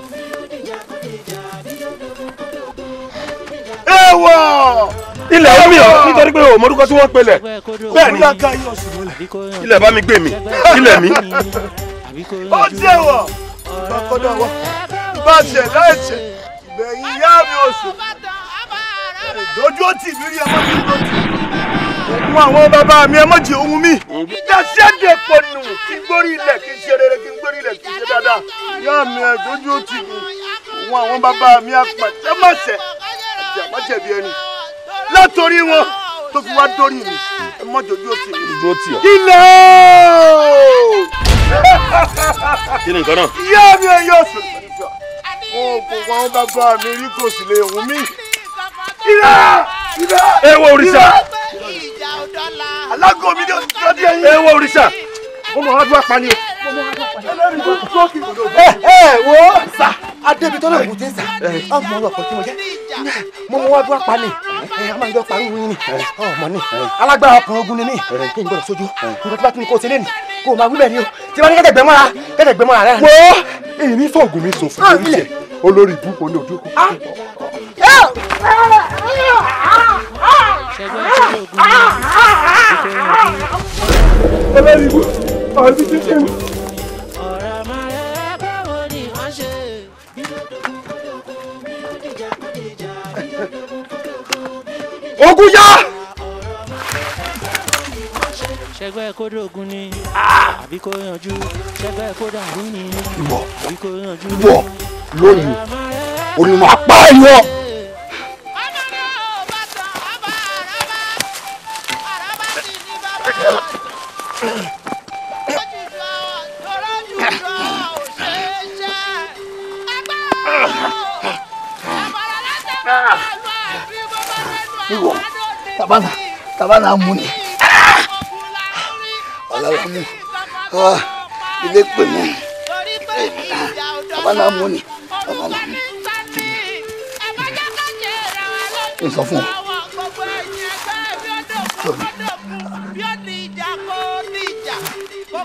ewọ ilẹ̀ omi ọ nítorí pé o mọ̀rúkọ tí wọ́n pelẹ̀ bẹ́ẹ̀ ni ilẹ̀ bá mi gbé mi ilẹ̀ mi. ó jẹ́ wọ̀ ìgbà kọ́dọ̀ wọ̀ ìbá ṣẹ̀ láìṣẹ̀ ìgbẹ̀yìn ìyá mi oṣù lójú ó tì rí ẹmọ mi ló tì àwọn bàbá mi ẹmọ jì ohun mi. ìjà ṣẹ́dẹ̀ pọ̀ nù kí n gbórí ilẹ̀ kí n ṣe rere kí n gbórí ilẹ̀ kí n ṣe dáadáa ìyá mi ẹ̀ lójú ó tì mí àwọn bàbá mi apàtẹ́mọ̀ṣẹ̀ àti àmọ́jẹ̀bi ẹni látòrí wọn tó fi wá dórí mi ẹ mọ́jọ́jú ó tì mí. ilẹ̀ ooo kí ni nǹkan náà. ìyá mi ẹ yọ sùn. mo kò wọn bàbá mi rí kò sì lè wù mí. ìrà ìrà. ẹ wo òrìṣà. alágò mi ni ọjọ́ díẹ̀ yìí. ẹ wo òrìṣà. mo mọ̀ wá dúró apani ẹ ẹ wo sà adébi tó lóògùn ti ń sà. ọmọ ọlọpọ tí mo jẹ mo mọ wá dúró apani a máa ń jọ pariwo yín ni ọmọ ni alágbára ọkùnrin ogun ni mí kí n gbọ́dọ̀ sójú nǹkan tó bá tún ní kó o ṣe lé nìí kó o máa wí bẹ́ẹ̀ ni o tí wọ́n ní kẹ́tẹ̀ gbẹ́mọ́ra kẹ́tẹ̀ gbẹ́mọ́ra rẹ. wo èyí ní fọ́ọ̀gùn mi sọ fún ah, ah. mi jẹ olórí ibú kò ní ojú kò. olórí ibú ọ̀rọ̀ ti ṣe mí. ogun yá ṣẹgbẹ́ kó dògún ni ah! àbí kó yanjú ṣẹgbẹ́ kó dàrú ni àbí kó yanjú ni. wọ lónìí òní máa pa tabana, tabana muni aláwámú ah, ilé pè mí abánámú ni abánámú. n sọ fún ọ.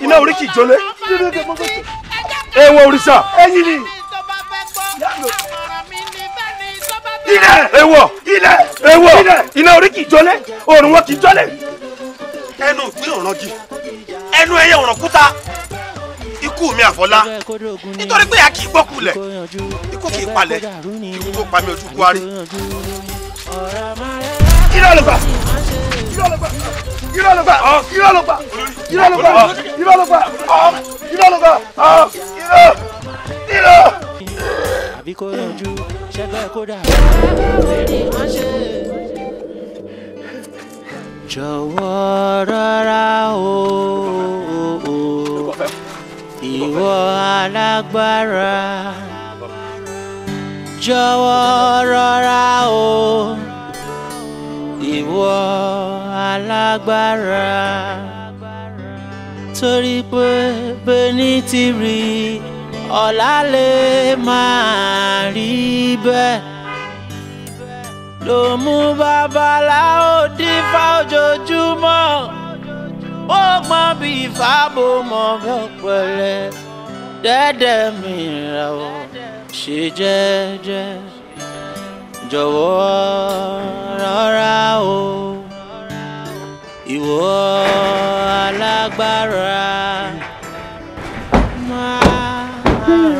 iná orí kì í jọlé. ewọ òrìṣà. ẹyin ni. ilẹ̀ ewọ ilẹ̀ ewọ iná orí kì í jọlé òòrùn wọn kì í jọlé. ẹnu ìpín ọ̀ràn jì ẹnu ẹyẹ ọ̀ràn kúta ikú mi àfọlá nítorí pé a kì í gbọ́kulẹ̀ ikú kì í palẹ̀ ikú tó pa mí ojú buhari. irọ́ ló gbà irọ́ ló gbà irọ́ ló gbà irọ́ ló gbà irọ́ ló gbà irọ́ ló gbà irọ́ ló gbà irọ́ irọ́. àbí kò yanjú ṣẹgbẹ́ kó dà. ẹgbẹ́ wo ni wọ́n ṣe jọ̀wọ́ rọra o ìwọ alágbára jọ̀wọ́ rọra o ìwọ alágbára torí pé bẹ́ni ti rí ọ̀la lè máa rí bẹ́ẹ̀ ló mú babaláwo dífá ojoojúmọ́ ó mọ bí fáàbò mọ bí ọ̀pẹ̀lẹ̀ dẹ́dẹ̀ mi rà ó ṣe jẹ́jẹ́ jọ̀wọ́ rọra o ìwọ alágbára máa rọra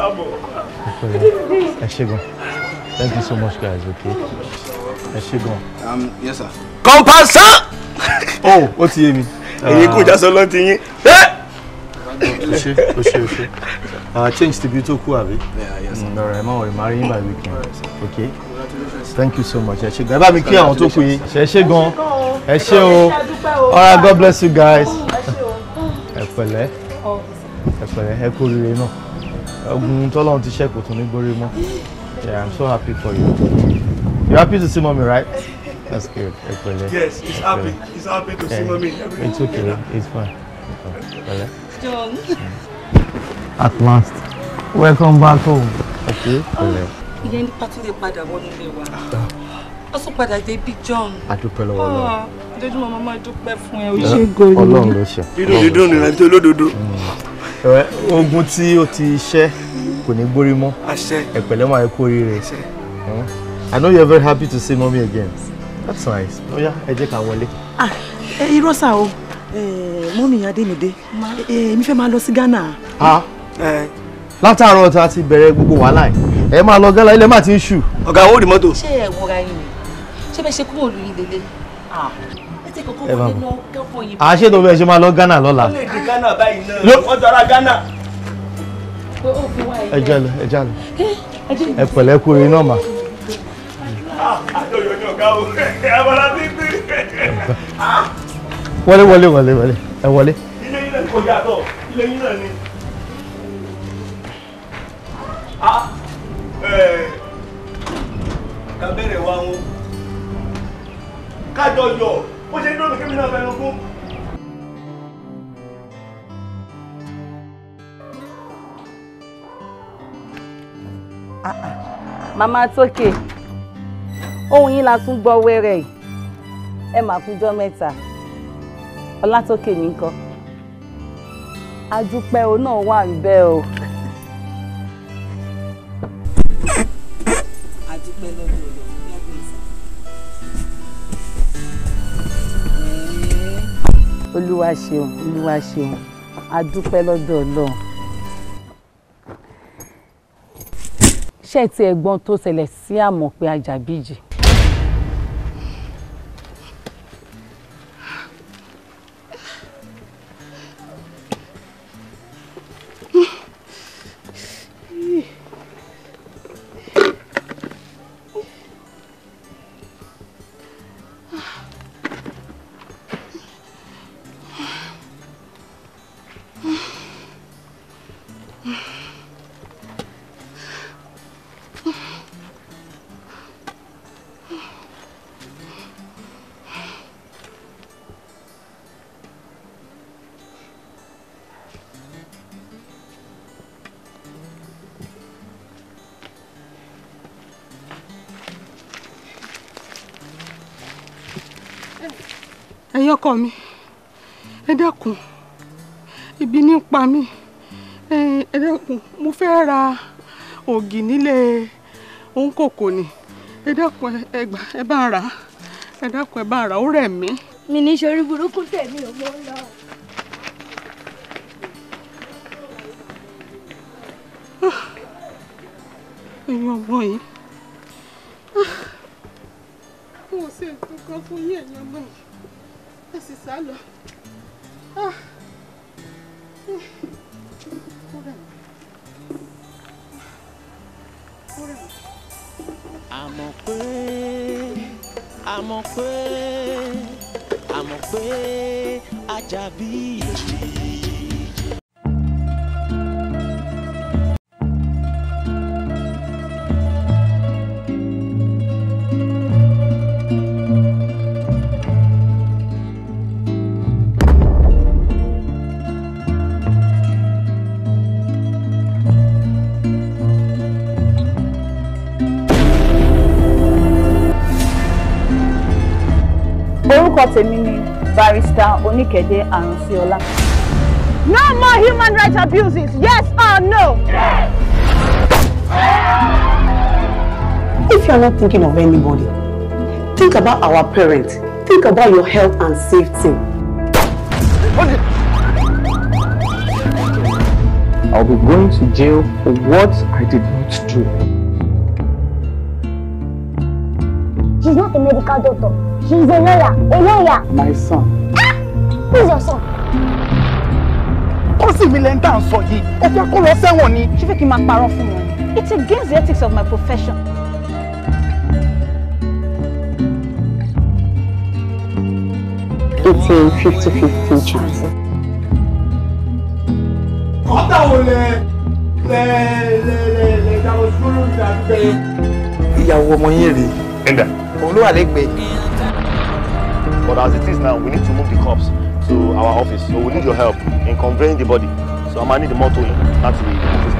káàbọ̀. ẹ ṣé gan thank you so much guys okay ẹ ṣé Um, yes sir. kọ́mpásán. ó oh, ó ti yé mi. èyí kò já sọ lọ́n ti yín. o ṣe o ṣe o ṣe uh, change ti bi tó kú àbí. Mm, lọ́rọ̀ ẹ má wọ̀rọ̀ má rí yín by weekend okay thank you so much ẹ ṣé gan ẹ bá mi kí àwọn tó kú yìí ẹ ṣé gan ẹ ṣé o all right god bless you guys Oh. pẹ̀lẹ́ ẹ pẹ̀lẹ́ ẹ kú oríire náà ogun tọ́lọ́run ti ṣẹ́kù tún ní gbórí mọ́ yeah i'm so happy for you you happy to see mommy right that's good ẹ yes he's happy he's happy to see mommy it's okay it's fine pẹ̀lẹ́. john. at last welcome back home. okay ah, pẹ̀lẹ́. ìyẹn nípa tún lè padà wọnú ilé wa a ah. tún padà dé big john. a dúpẹ́ lọ́wọ́ náà ojoojúmọ́ mo máa dúpẹ́ fún ẹ o ṣe gòlì. ọlọ́run ló ṣe. dídùn dídùn nìyẹn àti olódodo. ogun tí ó ti ṣẹ́ kò ní gbórí mọ́ ẹ̀pẹ̀lẹ́ máa kó rire I know you are very happy to see mommy again that's nice oya ẹ jẹ́ ká wọlé. Ah, irọ́ sà o mọ́mí adémídé èmi fẹ́ máa lọ sí Ghana. látàárọ̀ tá a ti bẹ̀rẹ̀ gbogbo wàhálà ẹ̀ ẹ máa lọ Ghana ilẹ̀ máa ti ń ṣù. ọ̀gá owó rí mọ́tò. ṣé ẹ̀ wọra yín ni ṣé bẹ́ẹ̀ ṣe kúrò lóyún lélẹ̀. Ah ẹ bá mi àṣẹ tó bẹ ṣe máa lọ Ghana lọ́la. ó lè di Ghana báyìí náà wọ́n jọra Ghana. ẹ jẹ́ lọ ẹ jẹ́ lọ ẹ pẹ̀lẹ́ kú orin náà mà. Ah, wọlé wọlé wọlé wọlé ẹ wọlé. ilé ah, bẹ̀rẹ̀ wá wọn ká jọ yọ ó ṣe dúró kí mi náà fẹnu kú. Ah, ah. màmá tókè ohun yín la tún gbọ́ wẹ́rẹ́ yìí ẹ máa kújọ́ mẹ́ta ọlátókè ní nǹkan adúpẹ́ o náà wà níbẹ̀ o. adúpẹ́ olúwa ṣeun olúwa ṣeun a dúpẹ́ lọ́dọ̀ ọlọ́run. ṣé ti ẹ̀gbọ́n tó ṣẹlẹ̀ sí Àmọ̀pé Àjàbíjì ẹ̀yin ọkọ mi ẹ dákun ebi ní pa mí ẹ dẹ́kun mo fẹ́ ra ògì nílé òǹkòkò ni ẹ dẹ́kun ẹ gbà ẹ bá ń rà á ẹ dẹ́kun ẹ bá ń rà á ó rẹ̀ mí. mi ní sori burúkú tèmi ò lọ. Ah, ẹ̀yin ọmọ yìí ah, mo ṣe nǹkan kan fún yín ẹ̀yin ọmọ yìí ẹ sì sá lọ. Javi. No more human rights abuses, yes or no? If you are not thinking of anybody, think about our parents. Think about your health and safety. I'll be going to jail for what I did not do. She's not a medical doctor. She's a lawyer. A lawyer. My son, Who's your son? Kọ́sì mi tà ń sọ yìí, ó fẹ́ kó lọ sẹ́wọ̀n ni. Ṣé fẹ́ kí n máa parọ́ fún wọn? It's against the ethics of my profession. It's a fifty-fifty chance. Ọ̀tá wo lẹ lẹ lẹ lẹ lẹ dáwọ́ sùúrù ìdàgbẹ́? Ìyàwó ọmọ yín rèé. Ẹ̀dà. Òun ló wà lẹ́gbẹ̀ẹ́. But as it is now, we need to move the cops. to our office. So we need your help in conveying the body. So I might need the motor in. Eh, That's the office.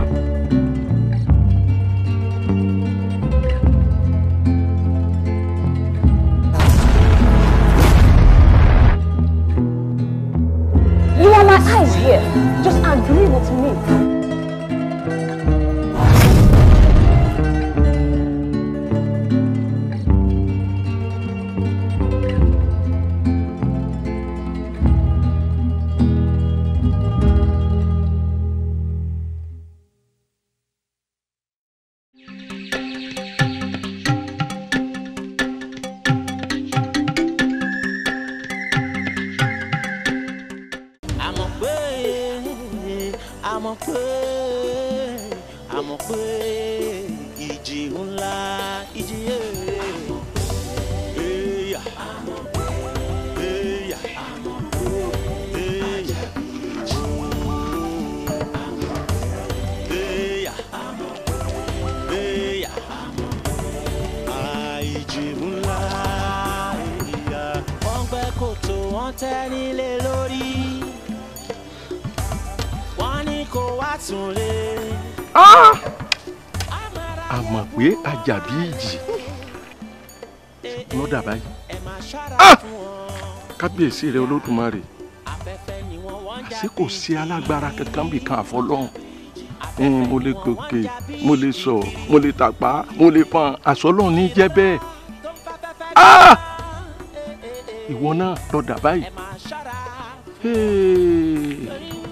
kábíyèsí rẹ olódùmarè àṣé kò sí alágbára kankan bì kan àfọlọ́hún hmm, mo lè gòkè mo lè sọ mo lè tàpá mo lè fan àsọlọ́hún ní jẹ́ bẹ́ẹ̀ ah! ìwọ náà lọ́dà báyìí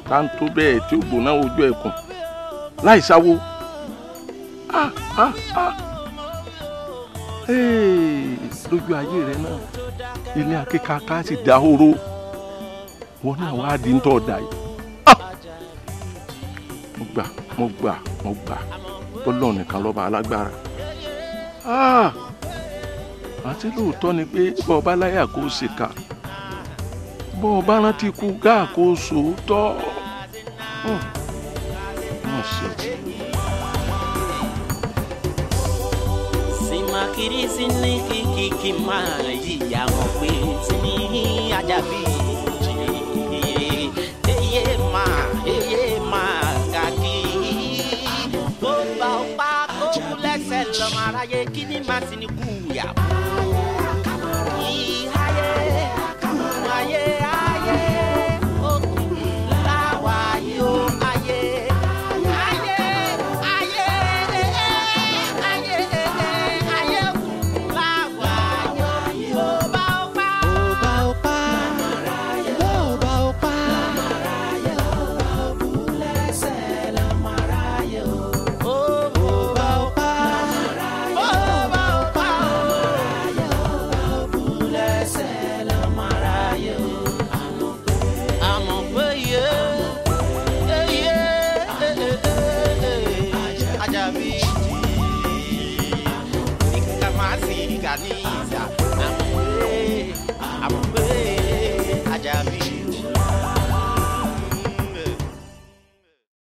tá bẹ́ẹ̀ tí ó gbóná ojú ẹ̀kùn láì sáwó ah, ah, lójú ayé rẹ náà ilé akíkaka sì dahoro wọn náà wá di ń tọ́ ọ̀dà yìí ah! mo gbà mo gbà mo gbà bọ́lọ̀ nìkan lọ́ba alágbára ah! àti lóòótọ́ ni pé bọ́ọ̀bá láyà kó ṣèkà bọ́ọ̀bá rántí kú gáà kó sòótọ́ náà hmm. ṣe. simakiri sinikikiki máa yí ìyá wọn pé sí Àjàbí Òjìrè eye máa ma, máa kàkí. tó bá ọpá kó kú lẹ́sẹ̀ lọ́mọ aráyé kí ni màá sì ní kú.